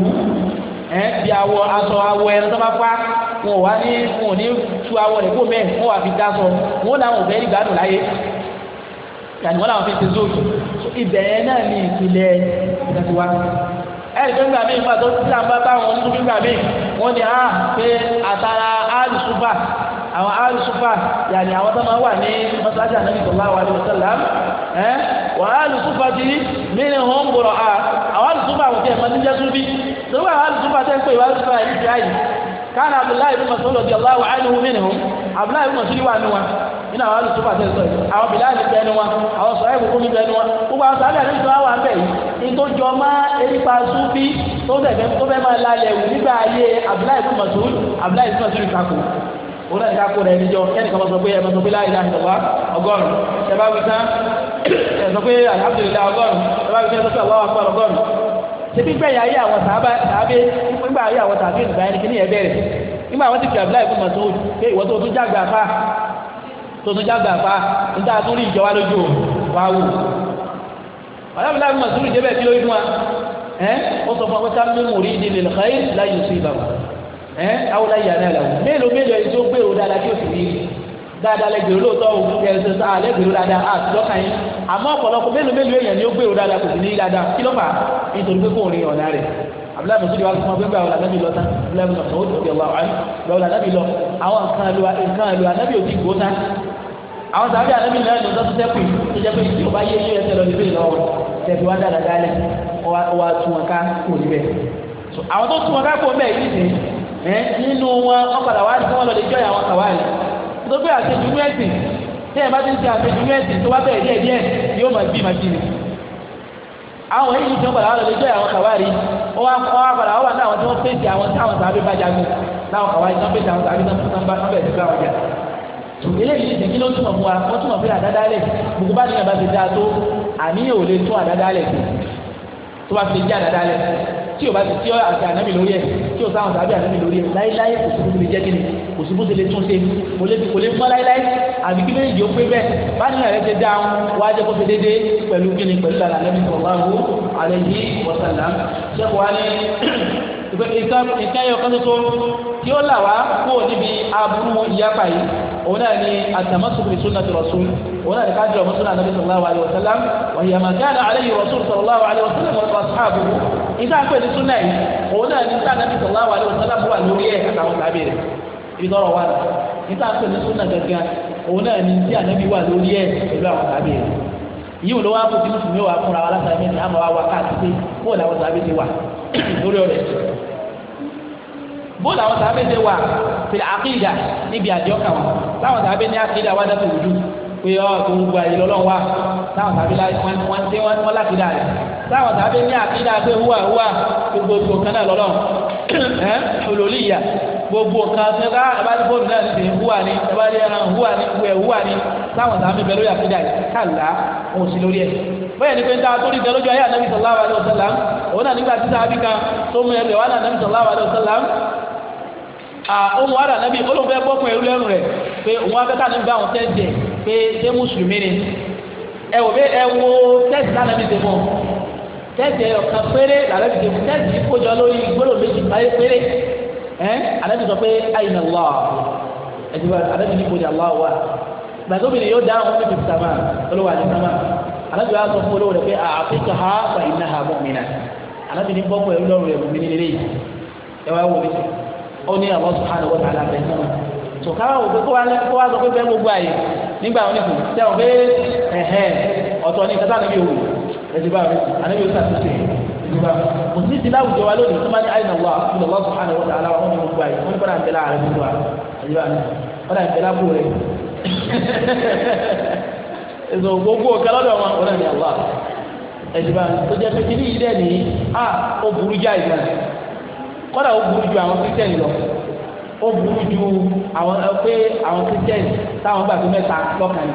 ẹ̀ bí awọ aṣọ awọ ẹ̀rọ tó bá pa wọn ò wá ní wọn ò ní tu awọ rẹ̀ kó mẹ́ẹ̀ wọn wà fi dá sọ wọn ò láwọn ò fẹ́ rí gbádùn láyé yàtọ̀ wọn làwọn fi ti zootu ibẹ̀ yẹn náà ní ìpìlẹ̀ ìdàgbà ẹ̀rí pé nígbà míì nígbà tó ti sàmbá bá wọn nígbà míì wọ́n ní á ah, pé àtàrà alùsùfà àwọn alùsùfà yàní àwọn tó máa wà ní mọ́sáájú ànábì sallallahu alaihi wasallam ẹ́ wà alùsùfà ti minhum bura'a àwọn alùsùfà àwọn tí ẹ̀ máa ń jẹ́ súnbí tó wà alùsùfà tẹ́ ń pè wà alùsùfà yìí ti àyè káàna abdullahi bin mas'ud radiyallahu anhu minhum abdullahi bin mas'ud wà nù wọn nínú àwọn alùsùfà tẹ̀ sọ yìí àwọn bìláàlì bẹnu wọn àwọn sọ̀rọ̀ ìbùkú ní bẹnu wọn gbogbo àwọn sàálẹ̀ àti ìjọba wà bẹ̀ yìí tó jọ má erípa súnfí tó fẹ́ tó fẹ́ máa lálẹ́ wù nígbà ayé abdullahi ibn mas'ud abdullahi ibn mas'ud ìtakò òun náà ìtakò rẹ̀ níjọ kẹ́nìkan máa sọ pé ẹ máa sọ pé láì láì lọ́wọ́ ọgọ́rùn-ún ẹ bá wí tán ẹ sọ pé alhamdulillah ọgọ́rùn-ún ẹ bá wí tán ẹ sọ pé àwọn akpọ̀ ọgọ́rùn-ún ṣebí gbẹ̀yà ayé àwọn sàábé nígbà ayé àwọn sàábé ìgbà yẹn kí ni ẹ bẹ̀rẹ̀ nígbà àwọn ti fi abdullahi ibn mas'ud pé ìwọ́n tó tún jágbe àfa tuntun jágbà pa níta tó rí ìjọba lójú o wá wò ọ̀dọ́ mi láti mọ̀ sùúrù débẹ̀ kí ló yí fún wa ẹ́ ó sọ fún wa pé ká mímú rí ìdílé lọ́kàn yìí láyé oṣù ìbàwọ̀ ẹ́ awúlá yìí àná ìlàwọ̀ mélòó mélòó ẹni tó gbèrò dáadáa kí o sì rí dáadáa lẹ gbèrò lóòótọ́ o ẹ ṣe sá alẹ́ gbèrò dáadáa á ti lọ́kàn yín àmọ́ ọ̀pọ̀lọpọ̀ mélòó mélòó èèyàn ni ó gbèrò dáadáa kò sì ní dáadáa kí ló fà nítorí pé kò rin ọ̀nà rẹ̀ abdulayi musu di kuma gbẹgbẹ àwọn anabi lọ tán abdulayi musu di wa àwọn anabi lọ àwọn nǹkan lu nǹkan lu anabi ò ti gbó àwọn sàbí àlẹ́mí náà ló sọ́tún sẹ́kù tó jẹ́ pé tí o bá yé yé ẹsẹ̀ lọ níbẹ̀ lọ́wọ́ tẹ̀sí wá dáadáa dálẹ̀ wá tún wọn ká kò níbẹ̀ àwọn tó tún wọn ká kò níbẹ̀ yìí nìyí ẹ nínú wọn wọn padà wá sí wọn lọ lè jọ àwọn kàwáyé tó pé àṣejù mẹ́sì tẹ́ ẹ bá ti ń ṣe àṣejù mẹ́sì tó bá bẹ̀rẹ̀ díẹ̀ díẹ̀ yóò máa bí máa bí ni àwọn èyí tí wọn padà wá lọ lè jọ àwọn kàwáyé wọn wá padà wọn wà ní àwọn tí wọn pèsè àwọn táwọn sàbí bá jagun láwọn kàwáyé tí wọn pèsè àwọn sàbí tó ń bá wọn bẹ̀rẹ̀ sí eléyìí ti kí ló túmọ̀ fún wa wọ́n túmọ̀ fún àdáda lẹ̀ gbogbo bá nìyẹn bá ti dáa tó àníyàn ò lè tún àdáda lẹ̀ tó bá ti lè jẹ́ àdáda lẹ̀ tí o bá ti tí ọ àti ànábì lórí ẹ̀ tí o sáwọn sábẹ́ ànábì lórí ẹ̀ láéláé kò sí bóse lè jẹ́ kíni kò sí bóse lè tún ṣe kò lè kò lè mọ́ láéláé àbí kí méjì ó pé bẹ́ẹ̀ bá nìyẹn rẹ ti dáa wá jẹ́ kó fi dédé pẹ̀lú kíni pẹ̀lú àlà ànábì sallallahu alaihi wasallam ṣẹ́kọ̀ọ́ wa ní ìkẹ́yọ̀ kan tó tó tí ó là wá kó níbi aburú ìyapa yìí òun náà ni àtàmásùkùrì súnà ti rọ̀sùn òun náà ni ká jọ mùsùlùmí ànábì sallallahu alayhi wa sallam wa hiya ma kana alayhi rasul sallallahu alayhi wa sallam wa ashabu ìta ń pè ní súnà yìí òun náà ni sáà ànábì sallallahu alayhi wa sallam wà lórí ẹ̀ àtàwọn tàbí rẹ̀ ibi tọrọ wà ìta ń pè ní súnà gàgà òun náà ni tí ànábì wà lórí ẹ̀ pẹ̀lú àwọn tàbí rẹ̀ yìí wò ló wá kó tí mùsùlùmí wà fúnra wa látàrí bó làwọn sàbẹ̀ ṣe wà fìlà àkìdà níbi àdìọ́kà wọn láwọn sàbẹ̀ ní àkìdà wá dàtò ojú pé ọ tó ń gba ìlú ọlọ́run wa táwọn sàbẹ̀ wọn ṣe wọn lákìdà rẹ̀ táwọn sàbẹ̀ ní àkìdà pé húwà húwà gbogbo ètò kan náà lọ́lọ́run ẹ̀ olólìyà gbogbo kan ṣe ká abájú bóòlù náà ti sèé húwà ni abájú ẹran húwà ni wẹ̀ húwà ni táwọn sàbẹ̀ bẹ lórí àkìdà rẹ̀ kàlá òun sí lórí ẹ̀ bẹ́ẹ̀ ni pé ń ta tó ní ìdánlójú ayé ànábì sallallahu alaihi wasallam òun náà nígbà tí sábà bí kan tó mú ẹgbẹ̀wá náà ànábì sallallahu alaihi wasallam ohun ara nàbí olóńgbẹ bọkùn ẹrú lẹrú rẹ pé òun afẹ́ká ní bá òun tẹ́sí ẹ̀ pé ṣé mùsùlùmí ni ẹ wò pé ẹ wo tẹ́sí lánàá mi ti tẹ́sí ẹ ọ̀kan péré lànà mi ti tẹ́sí kójọ lórí gbọ́dọ̀ méjì báyé péré ẹ ànábi sọ pé àyìnà wà ẹtì wà ànábi ní kójà wà wà gbàtóbìnrin yóò dáhùn fún fífi sàmà olówó àti sàmà sọ fún Onye ní Allah subhanahu wa ta'ala náà tó káwá wò pé kó wá sọ pé bẹ́ẹ̀ gbogbo àyè nígbà wọn nìkú tẹ̀wọ̀n pé ẹ̀hẹ́n ọ̀tọ̀ ní kátà níbi òwò ẹ̀dí bá mi àníbi sàtúnṣe ẹ̀dí kò sí ti láwùjọ wa lónìí tó ní àyìnà wà wọn gbogbo wọn ìbẹ̀lá gbogbo ìbẹ̀lá rẹ̀ ẹ̀sọ̀ gbogbo kẹlọ́dọ̀ wọn tó kọ́dà ó burú ju àwọn kírísítẹ́nì lọ ó burú ju àwọn pé àwọn kírísítẹ́nì táwọn gbàgbé mẹ́ta lọ́kàn ni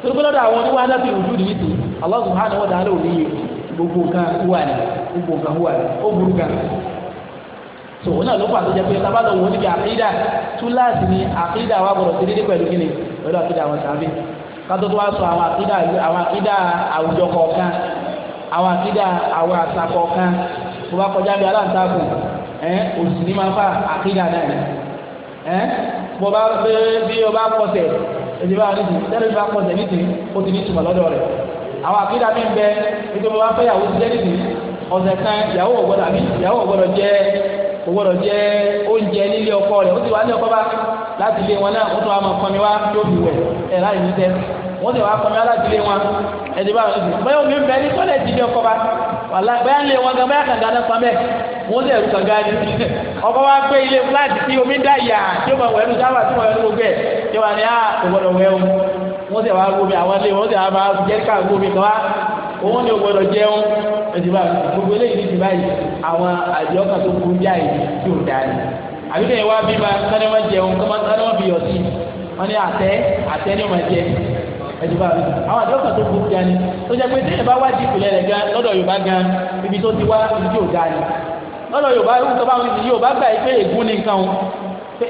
torípé lọ́dọ̀ àwọn oníwà náà fi ojú nìyí tì Allah subhanahu wa ta'ala òní gbogbo nǹkan wúwa ni gbogbo nǹkan wúwa ni ó burú gan so wọn náà ló pàtó jẹ pé wọn àkídà túláàsì ni àkídà wa dídí kíni àkídà àwọn kátó tó wá sọ àwọn àkídà àwọn àkídà àwùjọ àwọn àkídà ẹ òsì ní máa fà àkídà náà ni ẹ bó bá bí bí o bá kọsẹ̀ èdè bá ní ti tẹ́lẹ̀ bá kọsẹ̀ ní ti o ti ní tùmọ̀ lọ́dọ̀ rẹ̀ àwọn àkídà mi bẹ ètò bó bá fẹ́ yàwó ti jẹ́ ní ti ọ̀sẹ̀ kan ìyàwó ọ̀gbọ́dọ̀ àbí ìyàwó ọ̀gbọ́dọ̀ jẹ́ ọ̀gbọ́dọ̀ jẹ́ oúnjẹ nílé ọkọ rẹ̀ ó ti wá ní ọkọ bá láti ilé wọn náà wọ́n tún wá máa pọnmi wá tó fi wẹ̀ ẹ̀ láì ní tẹ́ wọ́n ti wá pọnmi wá láti ilé wọn ẹ̀dẹ̀ bá wọn ní ti báyọ̀ mi bẹ ní tọ́lẹ̀ ti ilé ọkọ bá wàlá bẹ́ẹ̀ lé wọn gan bẹ́ẹ̀ kàga náà pamẹ́ wọn lè rú kàga ni ọkọ wa gbé ilé fúláàtì tí omi dá yà tí o ma wẹ̀ ẹnu sábà tí o ma wẹ̀ ẹnu gbogbo ẹ̀ tí o ma ní a ah, kò gbọdọ̀ wẹ̀ o wọn sì wá gómi àwọn ilé wọn sì wá máa jẹ́ ká gómi kan wá òun ni o gbọdọ̀ jẹun ẹ̀dìbà gbogbo eléyìí ní ìdìbà yìí àwọn àdìọ́kà tó kú díà yìí tí o dá ni àbíkẹ́ ìwà bíbá sani wọn jẹun sani wọn fi yọ̀ sí wọn ni àtẹ àtẹ ni wọn jẹ ẹ̀jú bá mi àwọn àdéhùn kan tó burú gan ni tó jẹ́ pé téèyàn bá wá di ìpìlẹ̀ rẹ̀ gan lọ́dọ̀ Yorùbá gan ibi tó ti wá ibi tí ò ga ni lọ́dọ̀ Yorùbá tó bá wọn ti Yorùbá gbà yìí pé ègún ni nǹkan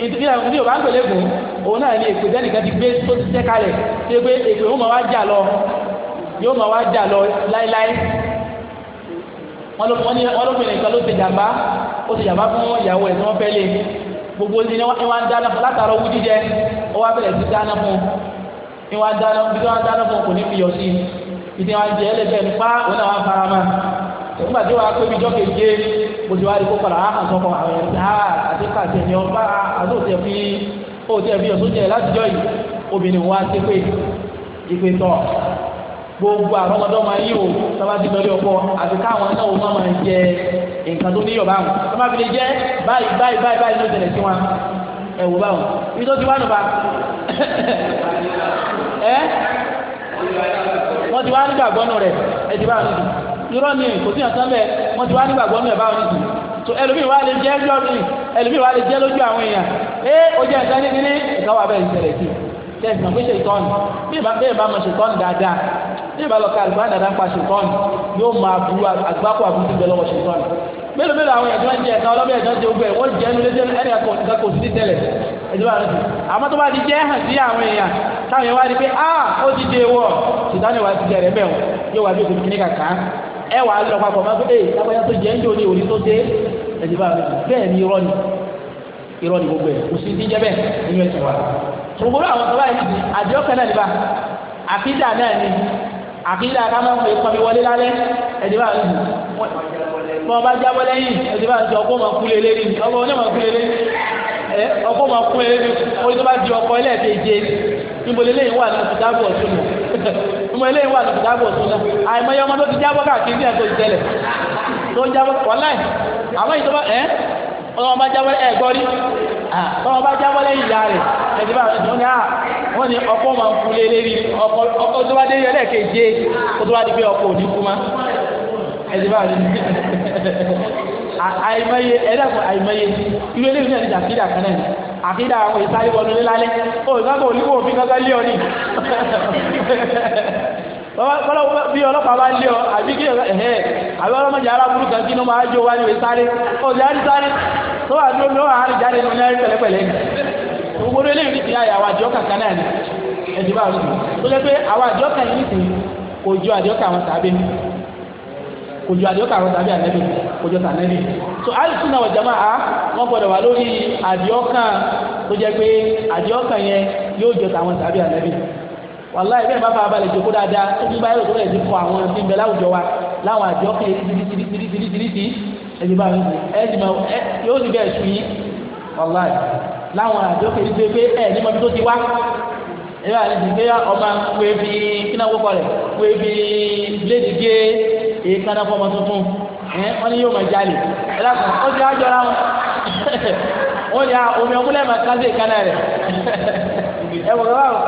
ìdí Yorùbá ń pèlè gùn òun náà ni èpè dẹ́nìkan ti gbé tó ti tẹ́ kalẹ̀ ṣe pé èpè yóò máa wá jà lọ yóò máa wá jà lọ láéláé wọ́n ní ọlọ́pìnrin kan ló ti jàmbá ó ti jàmbá fún ìyàwó ẹ̀ tí wọ́n fẹ́ lé gbogbo ní wọ́n ń dáná fún látàrọ owó jíjẹ ó wá bẹ̀rẹ̀ sí dáná fún ní wàá dáná bí wàá dáná fún kò ní fi yọ sí i ìdí wàá jẹ ẹlẹgbẹ́ nípa òun náà wàá fara mọ́ nígbà tí wàá pé bíjọ kéje mo ti wá rí kó padà wàá hàn sọkọ àwọn ẹni tá ah, àti pàṣẹ ni ọba àti òtẹ fi òtẹ fi ọsùn jẹ látijọ́ yìí obìnrin wa ṣe pé ìpè tọ gbogbo àwọn ọmọdé ọmọ yìí o sábà ti lọlé ọkọ àti káwọn náà wọn máa jẹ nǹkan tó níyọ̀ báwọn sábà fi lè jẹ báyìí báyìí báyìí báyìí ló tẹ́lẹ̀ sí wọn ẹ wò báwọn ibi tó ti wá nù bá ẹ eh? wọ́n ti wá nígbàgbọ́ nù rẹ̀ ẹ ti bá wọn nìyí irọ́ ni kò sí ọ̀sán bẹ́ẹ̀ wọ́n ti wá nígbàgbọ́ nù ẹ̀ bá wọn nìyí so ẹlòmíì wà lè jẹ́ ẹjọ́ mi ẹlòmíì wà lè jẹ́ lójú àwọn èèyàn ẹ o jẹ́ ẹ̀sán níbi ní ìkáwá bẹ́ẹ̀ ń tẹ̀lé sí tẹ̀sí náà pé ṣètọ́nù bí ìbá bẹ́ẹ̀ bá mọ ṣètọ́nù dáadáa bí ìbá lọ ka àlùfáà dáadáa ń pa ṣètọ́nù yóò máa bu àgbákò àbúrú bẹ lọ́wọ́ ṣètọ́nù mélòó mélòó àwọn èèyàn tó ń jẹ ẹ̀ka ọlọ́bẹ̀ ẹ̀dọ́ ti gbẹ wọ́n jẹ́ ẹnu lé ẹ̀dọ́bà rẹ̀ àmọ́ tó bá ti jẹ́ hàn sí àwọn èèyàn táwọn èèyàn wá pé a ah, ó ti dé wọ̀ ṣùgbọ́n ìwà ti jẹrẹ̀ mẹ́wọ̀ yóò wá bí òkú kìnnìkà kan ẹ wà á lọ papọ̀ máa pé lábáyá tó jẹ́ ń jò ní òní tó dé ẹ̀dọ́bà rẹ̀ bẹ́ẹ̀ ni irọ́ ni irọ́ ni gbogbo ẹ̀ kò sí ti jẹ́ bẹ́ẹ̀ nínú ẹ̀sìn wa ṣùgbọ́n àwọn tó bá yẹ kí àdìọ́kẹ́ náà nípa àkídà náà ni àkídà ká máa ń pè kọ́mi wọlé lálẹ́ ẹ̀dọ́bà rẹ̀ mọ̀ bá jábọ́ lẹ́yìn ẹ̀dọ́bà rẹ̀ ọkọ̀ máa kú lé lé ní ọkọ̀ onímọ̀ kú lé lé ọkọ máa fún ẹ orí tó bá di ọkọ ẹlẹ́ẹ̀keje níbo eléyìí wà lóṣù dábò ọ̀tún nù níbo eléyìí wà ọ̀tún àìmọye ọmọ tó ti jábọ́ káàkiri ní ẹ̀kọ́ ìtẹ́lẹ̀ tó jábọ́ wọláì àwọn yìí tó bá ẹ ọlọ́wọ́n bá jábọ́ ẹ gbọ́ rí bá jábọ́ lẹ́yìn ìyá rẹ̀ àìmọye ẹ̀dàkùn àìmọye irú eléyìí náà ti dàkídà kan náà àkídà àwọn ìsáré wọnú lé lálẹ́ ó ìgbàgbọ́ olúwo òfin kankan lé ọ ní bí ọlọ́pàá bá lé ọ àbí kí ẹ̀hẹ́ àbí ọlọ́mọdé aráburú kan kí ló máa jó wá ní ìwé sáré ó ti á ní sáré tó wà dúró lọ́wọ́ àárín jáde nínú náírà pẹ̀lẹ́pẹ̀lẹ́ gbogbo eléyìí ní ti àyà àwọn àjọ kankan náà ni ẹ̀dí bá wọn tó jẹ́ pé àwọn àjọ kan yìí nìkan kò ju àjọ kan àwọn tàbí kò ju àjọ kan àwọn tàbí àlẹ́bẹ̀ẹ́ kójọ tànẹ́bì so alìsúnà wà jama'a wọ́n gbọ́dọ̀ wà lórí àdìọ́kàn tó jẹ́ pé àdìọ́kàn yẹn yóò jọ tàwọn tàbí ànẹ́bì wàláì bẹ́ẹ̀ bá fa abalẹ̀ jókòó dáadáa ó ti báyìí lòtọ́ ẹ̀sìn fún àwọn tí ń bẹ láwùjọ wa láwọn àdìọ́kàn yẹn tìrìtìrìtìrìtì ẹ̀sìn bá mi ẹ̀sìn máa yóò ní bẹ́ẹ̀ sùn yìí wàláì láwọn àdìọ́kàn yẹn ti pé ẹ̀ ní mọ́bí tó ti wá ẹ̀rọ àdìsí pé ọmọ wẹ́ẹ́bì kí náà wọ́pọ̀ rẹ̀ wẹ́ẹ́bì bíléèdì gé èékánná fọ́mọ tuntun ẹ wọ́n ní yóò máa jalè ẹ lákùn ó ti àjọra wọn wọ́n ní ah, omi ọmúlẹ̀ máa kásẹ̀ ìkánná rẹ̀ ẹ wọ̀ báwọn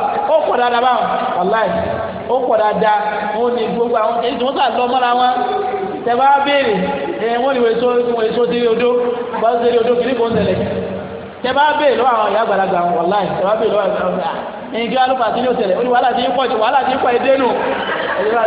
ó pọ̀ gbogbo àwọn tí sà lọ mọ́ra wọn tẹ̀bá béèrè ẹ wọ́n ní wọ́n èso wọ́n èso délé kò ń tẹ̀lé tẹ̀bá béèrè lọ́wọ́ àwọn ìyá wọn tẹ̀bá béèrè lọ́wọ́ àwọn ìyá wọn ah,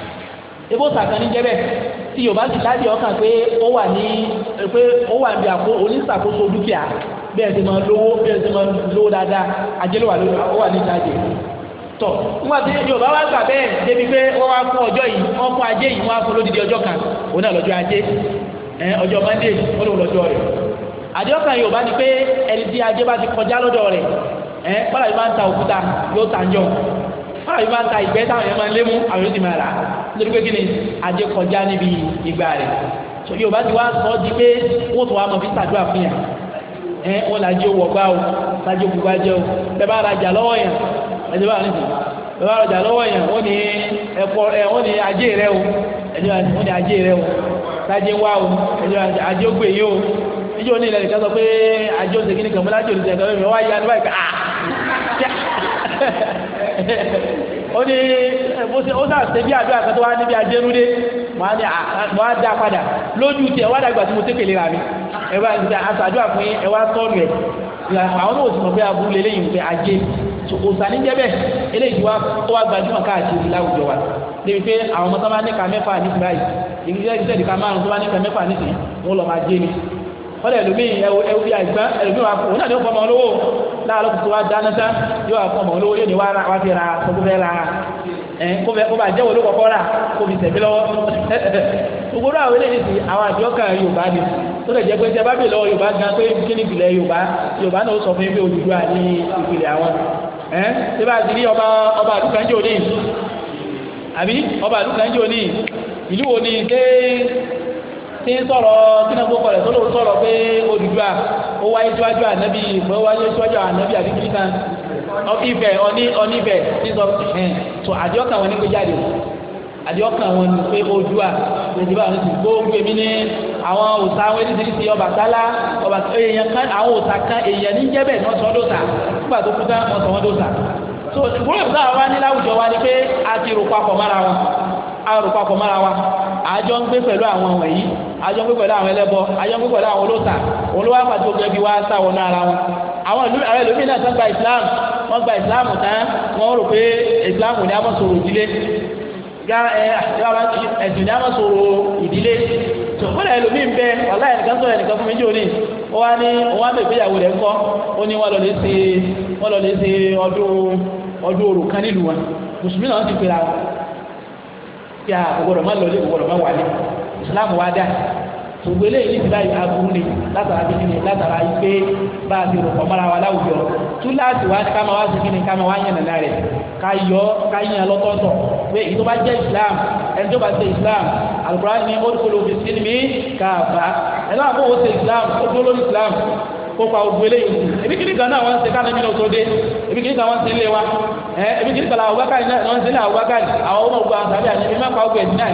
ebó sàkánì jẹ́ bẹ́ẹ̀ tí yorùbá sì láti ọkàn pé ó wà ní pé ó wà bí àpò oníṣàkóso dúkìá bẹ́ẹ̀ ti máa lówó bẹ́ẹ̀ ti máa lówó dáadáa ajẹ́lẹ̀ wà lórí ó wà ní ìdájẹ́ tọ̀ nígbà tí yorùbá wá gbà bẹ́ẹ̀ débi pé wọ́n wá fún ọjọ́ yìí wọ́n fún ajé yìí wọ́n á fún lódìdí ọjọ́ kan òun náà lọ́jọ́ ajé ọjọ́ mọ́ndé ó lóun lọ́jọ́ rẹ̀ àdéhùn yorùbá ni pé ẹni tí ajé bá ti kọjá lọ́dọ̀ rẹ̀ ẹ̀ pàlàbí máa ń ta òkúta yóò ta ń jọ pàlàbí máa ń ta ìgbẹ́ táwọn èèyàn máa ń lé mú àwọn yóò ti máa rà nítorí pé kí ni ajé kọjá níbi ìgbà rẹ̀ so yóò bá ti wá sọ di pé wọ́n tún wá mọ̀ fi ṣàdúrà fún yàn ẹ wọ́n là jẹ́ owó ọgbà o là jẹ́ òkúgbà jẹ́ o bẹ́ẹ̀ bá rajà lọ́wọ́ yàn ẹ̀jẹ̀ bá rìn sí bẹ́ẹ̀ bá rajà lọ́wọ́ yàn wọ́n ní ẹ̀kọ́ ẹ̀ wọ́n ní ajé rẹ o ẹ̀jẹ̀ bá rìn wọ́n ní ajé rẹ o lájẹ́ wá o ẹ̀jẹ̀ bá rìn ajé ó gbé yìí o níjọ́ ní ilẹ̀ nìkan sọ pé ajé ó ṣe kí ni kàn mọ́ lájẹ́ òṣèlú ó ní eh, ó sà ṣe bí àdúrà kan tó wá níbi ajẹ́rúdé mọ́ ah, ah, á dá padà lójú tiẹ̀ wá dàgbà tí mo tẹ́ pèlè rà mí ẹ wá àtàdúrà fún yín ẹ wá tọ́nu ẹ̀ àwọn náà ò sì mọ̀ pé aburú lélẹ́yìn pé ajé òsà ní jẹ́ bẹ́ẹ̀ eléyìí wá ó wá gbajúmọ̀ káàkiri láwùjọ wa débi pé àwọn ọmọ tó bá ní ká mẹ́fà nípa yìí ìgbésẹ̀ ìgbésẹ̀ márùn tó bá ní ká mẹ́fà nípa yìí wọ́n máa jẹ́ mi wọ́n lẹ̀ lómi ẹwú bí àìgbá ẹlòmí wa òun náà ni ó fọmọ olówó láàárọ̀ tuntun wa dáná tán yóò wá fọmọ olówó yóò ní wá ra wá fi ra kókó fẹ́ ra ẹ kó fẹ́ kó bá jẹ́ olóko kọ́ ra kó fi tẹ̀mí lọ́wọ́ gbogbo àwọn eléyìí ti àwọn àjọ kan Yorùbá ni tó lè jẹ́ pé tẹ bá bè lọ Yorùbá gan pé kí ni ìpìlẹ̀ Yorùbá Yorùbá náà ó sọ fún yín pé Odùduwà ní ìpìlẹ̀ àwọn ẹ tí bá ti rí ọba ọba àdúgbò ń jò ní àbí ọba àdúgbò ń jò ní ìlú wo ni dé tí ń sọ̀rọ̀ tinubu kọ̀rẹ̀ tó lóun sọ̀rọ̀ pé Odùduwà ó wáyé síwájú ànábì ìpè ó wáyé síwájú ànábì àbí kìrìtàn ọ̀fíìfẹ̀ ọ̀ní ọ̀nífẹ̀ tí sọ ẹ̀ tó àdìọ́kàn wọn ní pé jáde àdìọ́kàn wọn ní pé Odùduwà ìjọba àwọn ti gbóngbé mi ní àwọn òòṣà àwọn ẹni tìrìtì Ọbàtálá ọba èèyàn kan àwọn òòṣà kan èèyàn ní jẹ́bẹ̀ ní ọ̀sán dòṣà nígbà tó kú tán ọ̀sán wọn dòṣà so ìgbóhùn táwa wá ní láwùjọ wa ni pé a ti rò papọ̀ mára wọn a rò papọ̀ mára wa àjọ ń gbé pẹ̀lú àwọn wọ̀nyí àjọ pé pẹ̀lú àwọn ẹlẹ́bọ àjọ pé pẹ̀lú àwọn olóòtà òun ló wá wa gẹ́gẹ́ bí wá sá wọn náà ara wọn àwọn ìlú àwọn ìlú mìíràn tán gba islam wọn gba islam tán wọn rò pé islam ní amọ̀sọ̀rọ̀ ìdílé gá ẹ ẹ̀sìn ní amọ̀sọ̀rọ̀ ìdílé tó fúnra ẹlòmíín bẹ wàlá ẹnìkan sọ̀rọ̀ ẹnìkan fún mi jò ní ó wá ní òun á bẹ̀ gbéyàwó rẹ̀ ńkọ́ ó ní wọ́n lọ lè ṣe wọ́n lọ lè ṣe ọdún ọdún òrò islam wá dá gbogbo eléyìí ti báyìí aburú ni látara bí kíni látara yìí bá a ti rò pọ̀ mọ́ra wa láwùjọ túláàsì wa ká máa wá sí kíni ká máa wá yànnà náà rẹ̀ ká yọ ká yàn lọ́tọ̀ọ̀tọ̀ pé èyí tó bá jẹ́ islam ẹni tó bá ṣe islam alukura ni ó kolo fi sí mi ká bá ẹ̀ náà kó islam ó dúró lórí islam kó pa ogun eléyìí ebi kiri kan náà wọ́n ṣe káàdé mi náà tó ebi kiri kan wọ́n ṣe lé wa ẹ ebi kiri kan àwọn bákàrí náà wọ́n ṣe lé àwọn bákàrí àwọn ọmọ ogun àtàbí àti ebi má pa ogun ẹ̀dín náà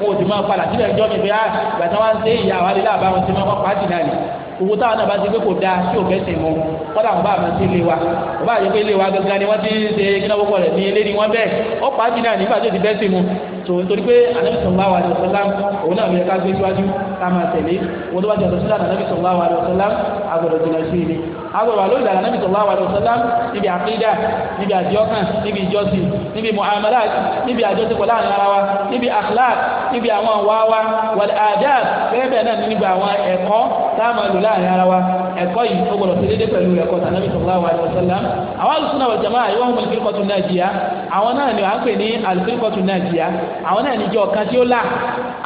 wọn ò sì máa padà sílẹ̀ ẹjọ́ mi bí i ah, gbàtà wọn ṣe ìyá àwọn adé láàbá wọn ti máa pa á náà ni owó táwọn náà bá ti pé kò dáa tí ò fẹsẹ̀ mọ́ kọ́dà wọn bá àmọ́ sí ilé wa wọn bá pé ilé wa gangan ni wọ́n ti ń ṣe kí náà wọ́pọ̀ rẹ̀ ní ilé ni wọ́n bẹ́ẹ̀ ó pa á jìnnà nígbà tó ti fẹsẹ̀ mu tó nítorí pé anabi sallallahu alaihi wasallam òun náà yẹ ká gbé síwájú ká máa tẹ̀lé wọn tó bá jẹ́ àtọ̀sílẹ̀ anabi sallallahu alaihi wasallam àgbọ̀dọ̀ jìnnà sí ilé agbọ̀rọ̀ àlọ́ ìlànà nàbì sallallahu alaihi wasallam níbi àkídà níbi àdìọ́kàn níbi ìjọsìn níbi muamalat níbi àjọṣepọ̀ láàrin ara wa níbi akhlaq níbi àwọn wáwá wal adab bẹ́ẹ̀ bẹ́ẹ̀ náà níbi àwọn ẹ̀kọ́ táàmù ẹlò láàrin ara wa ẹ̀kọ́ yìí ó gbọ́dọ̀ sí dédé pẹ̀lú ẹ̀kọ́ tànàbì sallallahu alaihi wasallam àwọn alùsùnà wal jamaa yóò mú alfirqatu najiya àwọn náà ni à ń pè ní alfirqatu najiya àwọn náà ni ìjọ kan tí ó là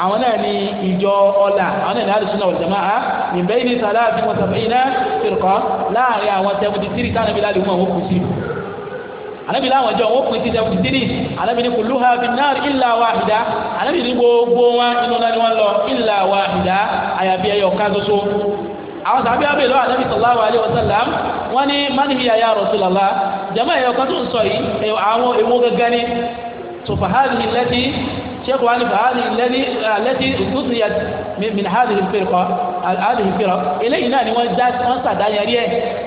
àwọn náà ni ìjọ ọlà àwọn náà ni alùsùnà wal jamaa min bayni salatin wa sab'ina fìrìkọ́ láàrin àwọn seventy three táwọn ẹbí láàrin wọn kù sí anabi láwọn jọ wọn pín sí seventy three anabi ní kulluha finnar illa wahida anabi ní gbogbo wọn inú náà ni wọn lọ illa wahida àyàfi ẹyọ kan ṣoṣo àwọn sàbí abẹ́ lọ́wọ́ anabi sallallahu alayhi wa sallam wọ́n ní mánìhì ya Rasulullah jama ẹyọ kan tó ń sọ yìí àwọn èwo gẹ́gẹ́ ni sọfahàn ní lẹ́tí الشيخ قال فهذه الذي التي تثنيت من هذه الفرقة هذه الفرق إليه ناني وان دات أنسى دانياري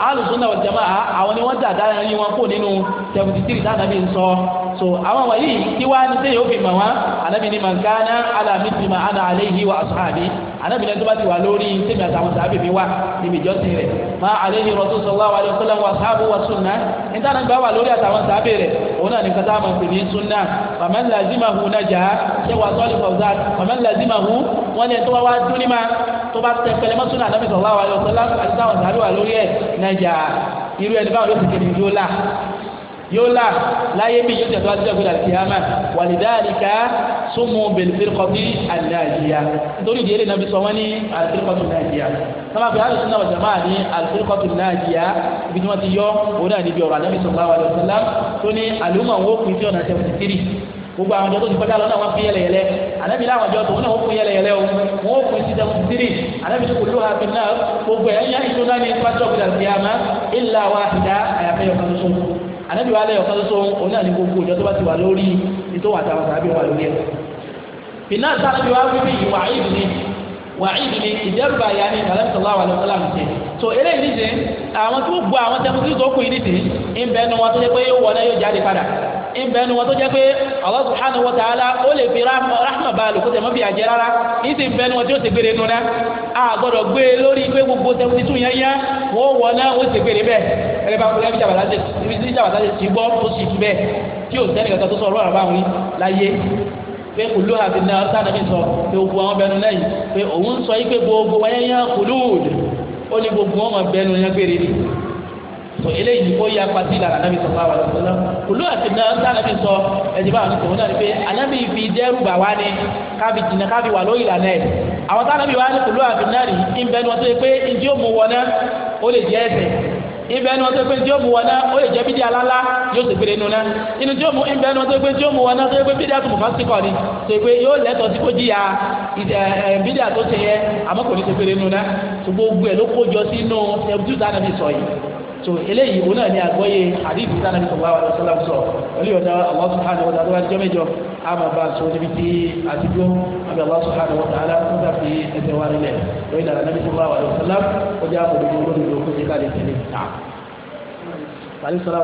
أهل السنة والجماعة أو أن وان دات دانياري وان كون إنه تفتيري so àwọn wọ̀nyí tí wàá ní sẹ́yìn òfin mọ̀ wọn anabi ni mankana alamisi ma ana aleyhi wa ashabi anabi ni tọ́ba ti wà lórí sẹ́mi àtàwọn sàbẹ̀ mi wá níbi ìjọsìn rẹ̀ ma aleyhi rasul sallallahu alayhi wa sallam wa ashabu wa sunna níta náà gba wà lórí àtàwọn sàbẹ̀ rẹ̀ òun náà ní kata ma pè ní sunna faman lazimahu naja ṣé wàá sọ́ọ́lì fawzan faman lazimahu wọ́n ní ẹ̀ wá wá dúnímà tó irú ẹni báwo ló ti kéde ìdúró la yóò là láyé bí yóò tẹ̀síwájú jẹ́gbẹ́ láti hàmà wàlídàálíkà súnmù bẹ̀lẹ́fẹ́rẹ́kọ́bí àdáàjíyá nítorí ìdí èlé nàbí sọ wọ́n ní àlùfẹ́rẹ́kọ́tù nàájíyá sábà fi àlùsùn náà wàjàmá ní àlùfẹ́rẹ́kọ́tù nàájíyá ibi tí wọ́n ti yọ òun náà níbi ọ̀rọ̀ ànábì sọ̀rọ̀ àwọn àlùsọ̀lá tó ní àlùmọ̀ wọ́n pín sí ọ̀nà seventy three gbogbo àwọn ọjọ́ tó ti kọjá lọ náà wọ́n pín yẹlẹyẹlẹ ànábì láwọn ọjọ́ tó náà wọ́n pín yẹlẹyẹlẹ o wọ́n pín sí seventy three ànábì tó kò ló hàbí náà gbogbo ẹ̀yà ìṣúná ní ìtura tó kọjá àmà ìlà wa àdá àyàfẹ́ yọ̀kan tó ànábì wa lẹ́yọ̀ kan tó òun náà ní gbogbo ìjọ tó bá ti wà lórí ní wà táwọn tàbí wà lórí ẹ̀. iná sábàbí wa ìwà ìdí ni wà ìdí ni ìdẹ́rùbà ìyá ni ìtàlẹ́ sọ̀lá wà lọ́wọ́ láàmì tẹ̀. so eléyìí níṣẹ́ àwọn tó gbọ́ àwọn tẹmúsí tó kù yìí níṣẹ́ ń bẹ nu wọn tó jẹ́ pé yóò wọlé yóò jáde padà ń wọn tó jẹ́ pé Allah subhanahu wa ta'ala ó lè rahma ba lò kó tẹ̀ mọ́ fi àjẹ́ a gbọ́dọ̀ gbé lórí pé gbogbo tẹmúsí tún yẹn yá wọ́n wọ̀ gẹ́gẹ́ bá gẹ́gẹ́ bí jàbàtà ṣe ibi tí jàbàtà ṣe ti gbọ́ tó sì bẹ́ẹ̀ tí ò sẹ́ni kankan tó sọ ọlọ́run báwọn láyé pé kùlú àti náà sànàbí sọ pé ogun àwọn bẹnu náà yìí pé òun sọ yìí pé gbogbo wáyé yẹn kùlú ó ní gbogbo wọn máa bẹnu yẹn péré ni tó eléyìí ó yá pati lára anábì sọ fáwọn ọ̀dọ́ sọlá kùlú àti náà sànàbí sọ ẹ̀dínwó àwọn sọ̀rọ̀ náà ni pé anábì fi dẹ́rù bà wá ni kábi jìnnà kábi wà lóyè lànà ẹ̀ àwọn sànàbí wá ní kùlú àti náà rí ń bẹnu wọn tó pé ìdí ó náà ó lè jẹ́ ẹ̀sẹ̀ ibẹ̀ ni wọ́n tó pé tí ó mú wọn náà ó lè jẹ́ bídí alálá yóò sì péré nu náà inú tí ó mú ibẹ̀ ni wọ́n tó pé tí ó mú wọn náà tó pé bídí àtúmọ̀ fásitìkọ̀ ni tó pé yóò lẹ́tọ̀ọ́ sí kó jìyà bídí àtúnṣe yẹ àmọ́ kò ní sì péré nu náà tó gbogbo ẹ̀ ló kó jọ sínú ẹ̀ so eléyìí òun náà ni àgbọ́yé àdìsí sáà nàbí sọ̀rọ̀ àwọn ọ̀sán sọ̀rọ̀ pẹ̀lú ọ̀dà Allah subhanahu wa ta'ala jọ́ mẹ́jọ a máa bá a sọ níbi tí a ti dúró àbí Allah subhanahu wa tó bá fi ẹsẹ̀ wá nílẹ̀ lórí ìlànà nàbí sọ̀rọ̀ àwọn ọ̀sán ó jẹ́ àpò ìdúró lórí ìlú òkúté káàdì tẹ̀lé ta. Wàlí sọ̀rọ̀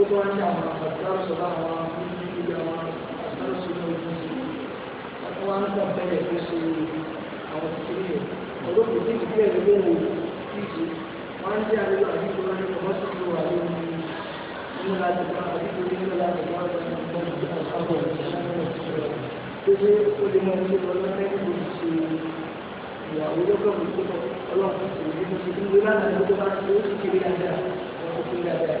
ó tó ní àwọn àgbàdo sọ̀rọ̀ àwọn oníṣẹ́ àwọn àgbàdo sọ̀rọ̀ oníṣẹ́ wọ́n wá ń tọ́ bẹ́ẹ̀ tó ṣe àwọn ìṣẹ̀lẹ̀ ọ̀dọ́ kò sí ìdílé ìdílé wò títí wọ́n ń dí àlejò àdúgbò láti ọmọ tó tó wà lórí nínú láti bá àdúgbò nínú láti bá ọmọ tó tó wà lórí pé ó lè mọ ilé lọ lọ́sẹ̀ níbo ti ṣe ìyàwó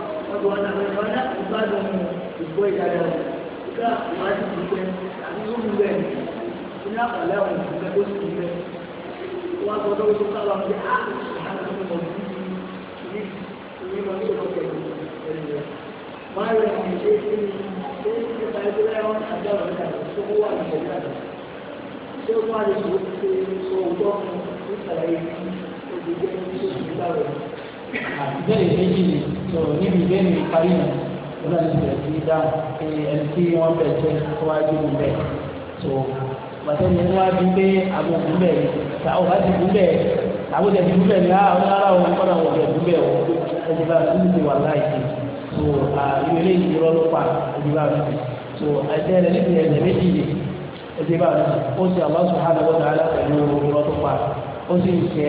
ọdún ọ̀nà ọ̀nà ìbádùn ìgbó ìdájọ́ ìgbà ìwádìí ti gbẹ àbí yóò mú bẹ́ẹ̀ ní àpàlẹ́ ọ̀hún ìgbẹ́ tó sì gbẹ wọ́n á gbọ́dọ̀ tó káwọn ọ̀hún á ti mọ̀ sí ní ìmọ̀ ní ìmọ̀ tẹ̀lé ẹ̀rẹ̀ máa rẹ̀ ní ṣe é ní ṣe é ní ìta ẹgbẹ́ lẹ́wọ̀n àjọyọ̀ nígbà tó wà ní ìṣẹ̀lẹ̀ àná ṣé ó wà ní ìṣòro ti ṣe sọ òótọ́ fún ìṣàlàyé ní ojú jẹ́ ní ṣe ìgbà rẹ̀ àtijọ́ ìkejì ni tó níbi ìbéèrè ìparí yẹn wọn náà ti bẹ̀rẹ̀ sí dáhùn pé ẹni tí wọ́n bẹ̀ jẹ́ kó wá dé ìlú bẹ̀ tó pàtẹ́ni wọn wá bí pé àwọn òkú bẹ̀ ta ọ̀gá ti kú bẹ̀ àwọn òjẹ̀ ti kú bẹ̀ ní àwọn ará òun kọ́nà wọn bẹ̀ ó sì ń ṣe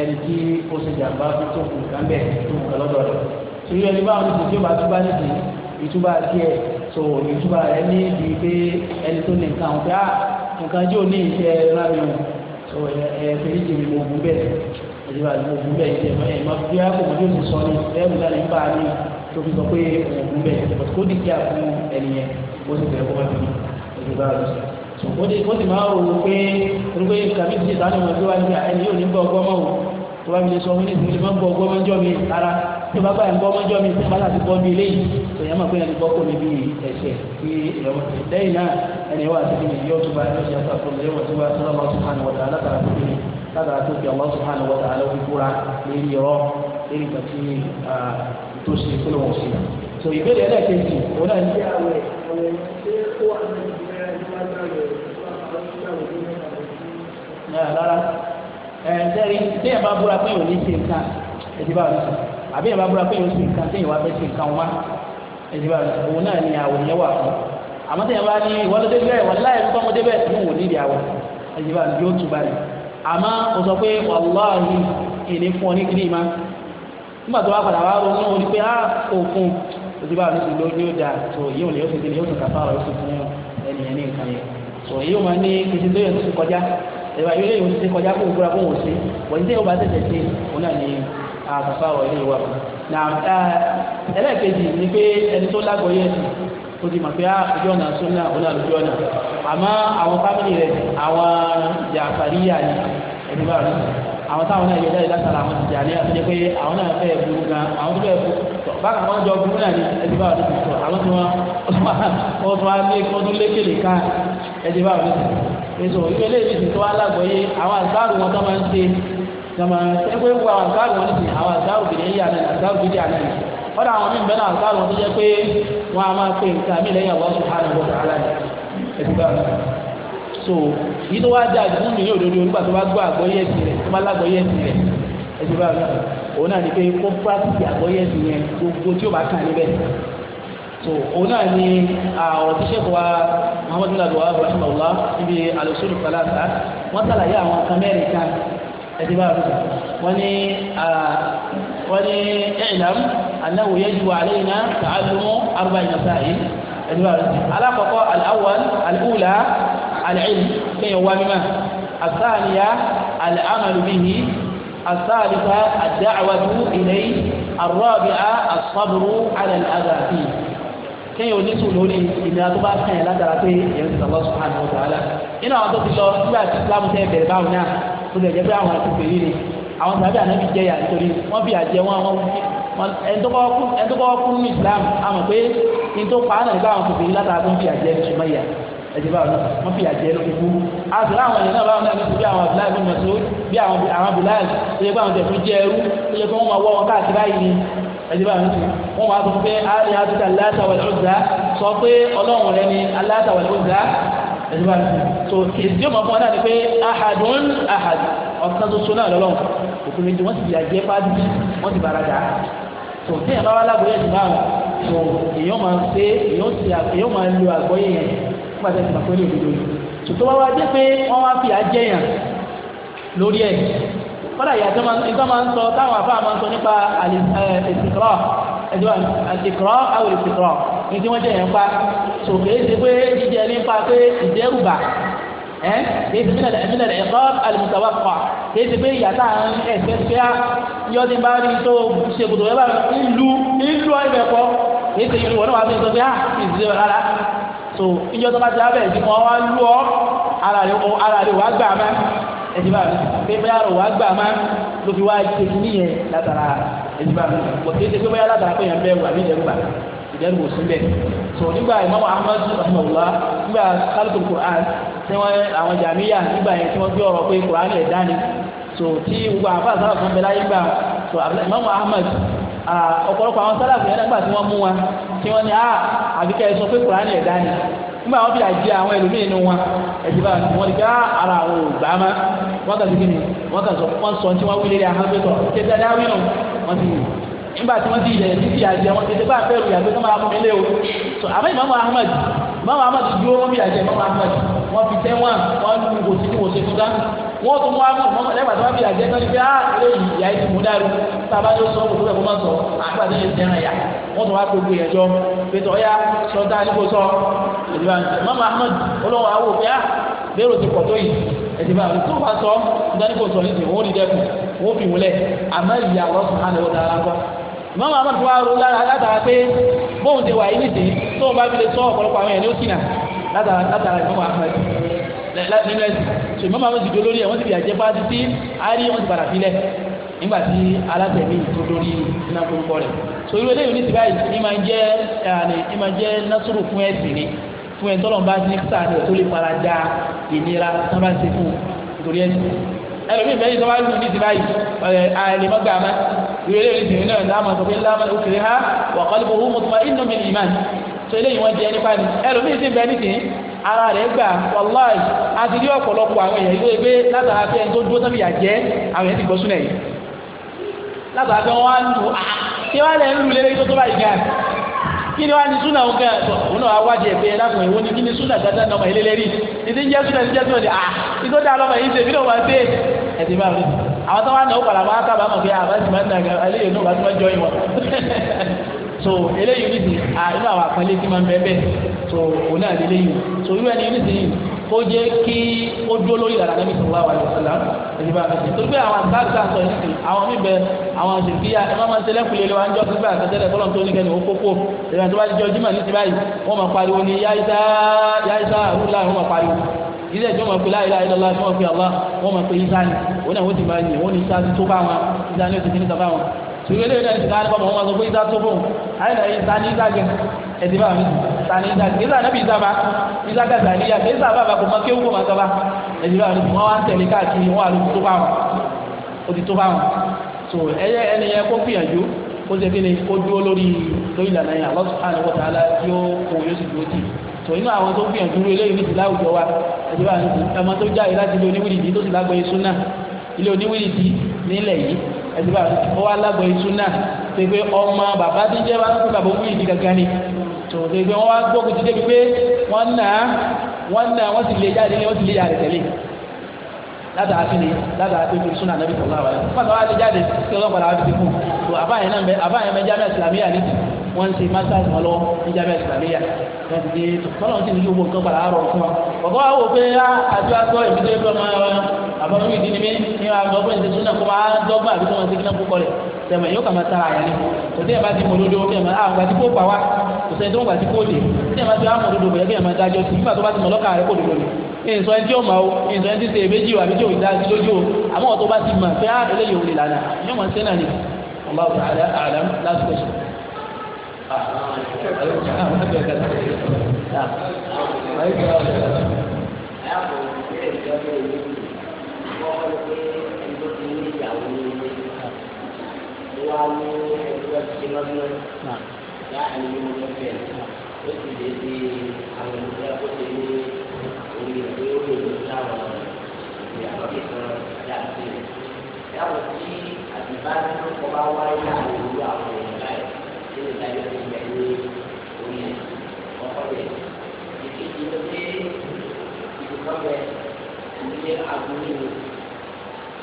ẹni tí ó ṣe jàmbá fún tó kù nǹkan bẹ́ẹ̀ tó kù lọ́dọ̀ rẹ̀ torí ẹni báwọn oṣù tí ó bá túbá nìdí ìtúbà tiẹ̀ so ìtúbà rẹ̀ ní ibi pé ẹni tó ní nǹkan ọ̀gá ah, nǹkan jẹ́ òní iṣẹ́ rábìrún so ẹ ẹ fèrè jì mí mo gùn bẹ́ẹ̀ ẹni bá mo gùn bẹ́ẹ̀ jẹ ẹ má fi á kò mọ́jú mi sọ ni ẹ̀rù náà ní bá a ní tó fi sọ pé mo gùn bẹ́ẹ̀ kó dìgbà fún ẹni yẹn ó sì bẹ̀rẹ̀ kó má fi ní ẹni bá a wọ́n ti wọ́n ti máa rò wọ́n pé rúgbé kàbí ti sàánù wọn tó wá níbi àyẹ̀ni yóò ní bọ́ ọgbọ́n mọ́ o tó bá mi lè sọ wọn ní ìsinmi máa ń bọ́ ọgbọ́n mọ́jọ́ mi rárá tó bá báyìí ń bọ́ mọ́jọ́ mi tó bá láti bọ́ mi léyìí tó yẹ máa pé ẹni bọ́ kó mi bí ẹ̀ṣẹ̀ kí lẹ́yìn náà ẹni wà sí mi yóò túbà yóò fi látara tó àwọn sùn hàn wọ̀tà alẹ́ kúra lórí tó ṣe kí ló wọ́n ṣe. sọ ìbéèrè ẹlẹ́kẹ̀ẹ́sì àwẹ̀ àwẹ̀ ṣé ó wà nínú Eh, rárá ẹ̀ eh, ǹjẹ́rìí téèyàn bá búra pé òní ṣe nǹkan ẹ̀dí bá rẹ̀ sùn àbí èèyàn bá búra pé òní ṣe nǹkan téèyàn wá fẹ́ ṣe nǹkan wá ẹ̀dí bá rẹ̀ sùn òun náà ni àwọ̀ yẹn wà fún àmọ́ téèyàn bá ní ìwọ́lódé bẹ́ẹ̀ wọ́n láyé nípa ọmọdé bẹ́ẹ̀ ní òun nídìí ẹ̀dí bá rẹ̀ yóò tù báyìí àmọ́ o sọ pé wàláhì ìní fún ọ ní kí ni ìmá nígbà tó wá padà wá ronú o ní pé á òkun òtí báwo ní ti lójú yóò dáa tó yíò ní yóò fi kí ni yóò tún kàfá ọ̀rọ̀ yóò fi fún ẹnìyẹn ní nǹkan yẹn tó yíò máa ní kìsì ẹ̀rọ ayé lè ṣe kọjá kó gbúra kó wọ́n ṣe wọ́n ní ọba tẹ̀tẹ̀ ṣe òun náà ni àbàbà wọ̀ ilé wa. na ẹlẹ́ẹ̀kejì ni pé ẹni tó lágbóyè ẹ̀sìn ó ti mọ̀ pé ojú ọ̀nà sunna òun àlùjọ ọ̀nà àmọ́ àwọn fámìlì rẹ̀ àwọn jàǹfàríyà ni ẹni bá rẹ̀ àwọn táwọn náà yọ jáde látara àwọn ti jàlé àti pé àwọn náà fẹ́ burú gan àwọn tó fẹ́ burú bákan àwọn jọ burú náà ni ẹni bá rẹ̀ sọ àwọn tí wọ́n tún wá ní ọdún lékèlè ká ẹni bá rẹ̀ sọ èso ìwé léyìí ti tó alágbọ̀yé àwọn àgbáàrù wọn tó máa ń ṣe tọmọ ẹgbẹ́ wo àwọn àgbáàrù wọn nìsín àwọn àgbáàrù bìrì yìí àná àgbáàrù bìrì àná yìí wọ́n dà àwọn mímu bẹ́ẹ̀ náà àgbáàrù wọn tó jẹ́ pé wọ́n á máa pe nǹkan mí lẹ́yìn àwọn ọ̀ṣun hàn wọ́n sàrà ní ẹ̀dùgbà so yìí tó wá dé àdúgbò mi yóò dodo nígbà tó bá gbọ́ àgbọ̀yé ẹ̀sìn rẹ̀ tó bá lágbọ̀yé ẹ̀sìn rẹ̀ ẹ̀dùgbà òun náà ní pé kó pàtìkì so òun náà ni ọ̀rọ̀ tí sẹ́kọ̀ wa muhammad nadu wa rahimahullah níbi alùsùlù falasa wọ́n sàlàyé àwọn kan mẹ́rin kan ẹ̀dí bá rúbà wọ́n ní wọ́n ní ẹ̀ẹ́dàm annahu yajibu alayna ta'allumu arba'i masail ẹ̀dí bá rúbà alákọ̀ọ́kọ́ al-awwal al-ula wá mímọ́ al-thaniya al-amalu bihi al-thalitha ad-da'watu الرابعة الصبر على الأذى kéèyàn oníṣù lórí ìnira tó bá kàn yẹn ládàra pé èèyàn ti sọ̀rọ̀ sùn àná ọ̀dọ̀ àlà nínú àwọn tó ti lọ nígbà tí Islam tẹ́ bẹ̀rẹ̀ báwọn náà tó lè jẹ́ pé àwọn àti pèlè ni àwọn sàbẹ̀ ànábì jẹ́ yà nítorí wọ́n fi àjẹ wọn wọn ẹni tó kọ́kọ́ kú nínú Islam àmọ̀ pé ní tó pa á náà nígbà àwọn pèlè látara tó ń fi àjẹ ṣùgbọ́n yà ẹdí báwo ni wọn fi àjẹ ló kúkú àti láwọn ènìyàn náà báwọn náà ní bí àwọn Abdullahi bin Mas'ud bí àwọn Bilal tó yẹ kó àwọn tẹ̀sán jẹ ẹrú wọ́n máa sọ pé àlè àtúntà látàwọ̀ lọ́dà sọ pé ọlọ́run rẹ ni alátàwọ̀ lọ́dà ẹ̀dí bá mi so èsì yóò máa fún ọ náà ni pé ahadun ahad ọ̀kan tó so lọ́lọ́run òkú méjì wọ́n sì yà jẹ́ fáájú wọ́n sì bára dà so tí bá wà lágbóyè ìgbà wọn so èèyàn máa ṣe èèyàn ti èèyàn máa lo àgbọ́yé yẹn nígbà tí a ti máa kọ́dà ìyàtọ̀ nǹkan máa ń sọ táwọn afá máa ń sọ nípa ìsìkọ́ ẹ̀dọ́ ìsìkọ́ àwọn ìsìkọ́ ní tí wọ́n jẹ́ yẹn pa sòkè é ṣe pé jíjẹ nípa pé ìdẹ́rùbà ẹ̀ kì í ṣe mílẹ̀ ẹ̀kọ́ àlùmùsàwà kọ̀ kì í ṣe pé ìyàtọ̀ àwọn ẹ̀fẹ́ fẹ́ yọdí bá rí tó ṣe kòtò ẹ̀ bá ìlú ìlú ọ̀ẹ́bẹ̀ kọ́ kì í ṣe ìlú wọn náà wà fẹ́ sọ pé à ah, ìṣe rárá so ìjọ tó bá ti abẹ́ ìdí kan wá lú ọ ara rẹ̀ wá gbà mẹ́ ẹ̀jìbá pé bóyá rò wá gbà má ló fi wá ṣe kí nìyẹn látara ẹ̀jìbá kò tí ń ṣe pé bóyá látara pé yẹn bẹ́ẹ̀ wà ní ìdẹ́rùbà ìdẹ́rùbà ò sí bẹ́ẹ̀ so nígbà ìmọ̀mọ́ ahmadu rahmanullah nígbà kálukú quran tí wọ́n àwọn jàmíyà nígbà yẹn tí wọ́n gbé ọ̀rọ̀ pé quran lè dání so tí gbogbo àwọn afáàlù sábà kan bẹ láyé gbà so ìmọ̀mọ́ ahmad ọ̀pọ̀lọpọ̀ àwọn sálàfù yẹn nígbà tí wọ́n mú wọn tí wọ́n ní ah, àbíkẹ́ sọ pé quran lè dání nígbà wọn fi àjẹ àwọn ẹlòmíín nínú wọn ẹ̀jẹ̀ bá wọn ti ká ah, ara àwọn ògbà má wọn kà sí kí ni wọn kà sọ wọn sọ tí wọn wí lérí àwọn pẹtọ ṣe dáadáa wí nù wọn ti nígbà tí wọn ti yẹ títí àjẹ wọn ti ti bá fẹ́ rù yàgbé sọ́mọ́ àmọ́ mi lé o àmọ́ ìmọ̀ mama amadu dúró wọn bí àjẹ mama amadu wọn fi tẹ́wọ̀n wọn lu kò sí ní wòsè tó dá wọn tún wọn amadu mama lẹ́gbàá tó wọn bí àjẹ tó ní pé ah eléyìí ìyá yìí ti mú dáru sábà yóò sọ kó bẹ́ẹ̀ kó má sọ àgbà tó yẹ dẹ́ràn yá wọn tún wá gbogbo yẹn jọ pété ọ̀yá sọ̀tà ní kò sọ ìdíbà mama amadu olówó awo pé ah bẹ́ẹ̀rù ti pọ̀ tó yìí ẹ̀dìbà tó bá sọ ìdáníkò sọ ìmọ̀mọ́ àmọ́ tó wá rú látara pé bóun ti wà yìí nìsín tó ń bá fi lè tọ́ ọ̀pọ̀lọpọ̀ àwọn èèyàn ní ó látara ìmọ̀mọ́ Ahmed nínú ẹ̀sìn so ìmọ̀mọ́ Ahmed ti di olórí ẹ̀ wọ́n ti fi àjẹ́ bá ti sí àárín wọ́n ti padà sílẹ̀ nígbà tí alátẹ̀mí tó dórí iná forúkọ rẹ̀ so irú eléyìí ní ti báyìí ní máa jẹ́ násùrù fún ẹ̀sìn ni fún ẹ̀ tọ́lọ̀ ní sáà ní ẹ̀ ẹlòmíì bẹ́ẹ̀ tó bá lù ní ti báyìí ẹ̀ àìlè mọ́gbà má ìwé ilé ìsìn náà ní àmọ́ tó fi lámà ó ha wà kọ́lùbù mi ní ìmáà eléyìí wọ́n nípa ni ẹlòmíì sì ara rẹ̀ gbà wàláì a ti rí ọ̀pọ̀lọpọ̀ àwọn èèyàn ìlú ẹgbẹ́ látara pé ẹni tó dúró sábì yà jẹ́ àwọn èèyàn ti gbọ́ kí ni wàá ní súnà òun kan òun náà wájú ẹ̀ pé ẹ lákùnrin wo ni kí ni súnà dáadáa náà ọmọ ilé lérí ìdí ń jẹ́ súnà ìdí ń jẹ́ súnà ìdí ah ìtọ́ da lọ́mọ yìí ṣe bí lóun máa ṣe ẹ̀ ti máa rí àwọn tó wà náà ó padà máa kábàá mọ̀ pé àbá ah, ti máa ń dàgbà eléyìí náà wà á ti máa jọ ìwọ̀n so eléyìí ní ti inú àwọn àpẹẹlẹ ti máa ń bẹ́ẹ̀ bẹ́ẹ̀ so òun náà lé ó jẹ́ kí ó dúró lórí ìlànà níbi tó wà wà lọ sílá ìdìbò àfẹsẹ̀ tó gbé àwọn àgbàgbà sọ yìí àwọn míbẹ àwọn àṣìkíyà ẹ má máa ń tẹ́lẹ̀ kulè lọ àjọ gbígbà àtẹ́tẹ́lẹ̀ kọ́lọ́n tó nígbẹ́ni ó kókó ìrìn àti wájú jọjúmọ̀ ní ti báyìí wọ́n máa pariwo ní yáyíṣá yáyíṣá àrùlá wọ́n máa pariwo ilé ìjọ máa pe láìlá ìlọlá tí wọ́n fi àlá wọ́n máa pe ìsáni òun náà wọ́n ti máa yìn wọ́n ní ìsáni tó sùgbẹ́lẹ́ náà ti káàdé bàbá wọn sọ pé ìdá tó bọ̀ ayé náà yẹ ta ní ìdá gẹ ẹ̀dí bá mi ta ní ìdá gẹ ìdá náà bí ìdá bá ìdá gàdá ní ìyá ìdá bá bá kò mọ kéwù kò mọ sọ bá ẹ̀dí bá mi wọn wá ń tẹ̀lé káàkiri wọn àlùkò tó bá wọn ó ti tó bá wọn so ẹyẹ ẹni yẹ kó gbìyànjú kó ṣe kéde kó dúró lórí lórí ìlànà yẹn Allah subhanahu wa ta'ala yóò kó yóò sì dúró tì tò inú àwọn tó gbìyànjú eléyìí ti láwùjọ wa ẹ̀dí bá mi ẹ̀mọ tó jáde láti ilé oníwìrìdì tó sì lágbẹ̀ẹ́ súnà ilé oníwìrìdì nílẹ̀ yìí ẹ̀sìnbà ó wá lágbọ̀ iṣu náà ṣe pé ọmọ bàbá tí jẹ́ bá tó bàbá wúyì di kankan ni tó ṣe pé wọ́n wá gbógun ti débi pé wọ́n nà á wọ́n nà á wọ́n sì lé jáde lé wọ́n sì lé jáde tẹ̀lé látara kí ni látara pé iṣu náà nàbí sọ̀rọ̀ àwọn ẹ̀ wọ́n ń ṣe masters wọn lọ́wọ́ ní jábẹ́ ìsàlẹ̀yà wọ́n ti dé tọ́lọ́ sí ní gbogbo nǹkan padà àárọ̀ fún wa. bàbá wa wò pé àjọ ah, àtọ́ ìbílẹ̀ ẹgbẹ́ ọmọ ẹ̀rọ àbọ̀mọ́ mi dídí mi ní àgbọ̀ pé ìṣesí náà kó máa dọ́gbọ́n àbí kó máa ṣe kí náà kókọ rẹ̀ tẹ̀mọ̀ yóò kà máa tara àyàn ni kò sí ẹ̀ma ti mọ̀ lódò kí ẹ̀ma ah, àwọn àti kó pa wá kò sẹ́ni tó ń gbà tí dé sí ẹ̀ma ti wá mọ̀ lódò bẹ̀rẹ̀ kí ẹ̀ma dájọ́ sí nígbà tó bá ti mọ̀ lọ́kàn rẹ̀ kò lódò ni ìsọ ẹni tí ó mọ̀ o ìsọ ẹni tí ṣe èméjì o àbí tí ò dá sí lójú o àmọ́ ọ̀tọ̀ bá ti mọ̀ fẹ́ á ah, eléyìí òun lè lànà yóò mọ̀ sẹ́nà ni ọlọ́run àdá àdá lásìkò Yàtọ̀ sí àtìbá nínú kọ́ bá wáyé láàrin ìlú àwọn èèyàn báyìí nínú ìdájọ́ ti bẹ ní orí ẹ̀ ọkọ̀ rẹ̀ ìkejì ló dé ìdúkọ́ rẹ̀ ìdílé aburú ni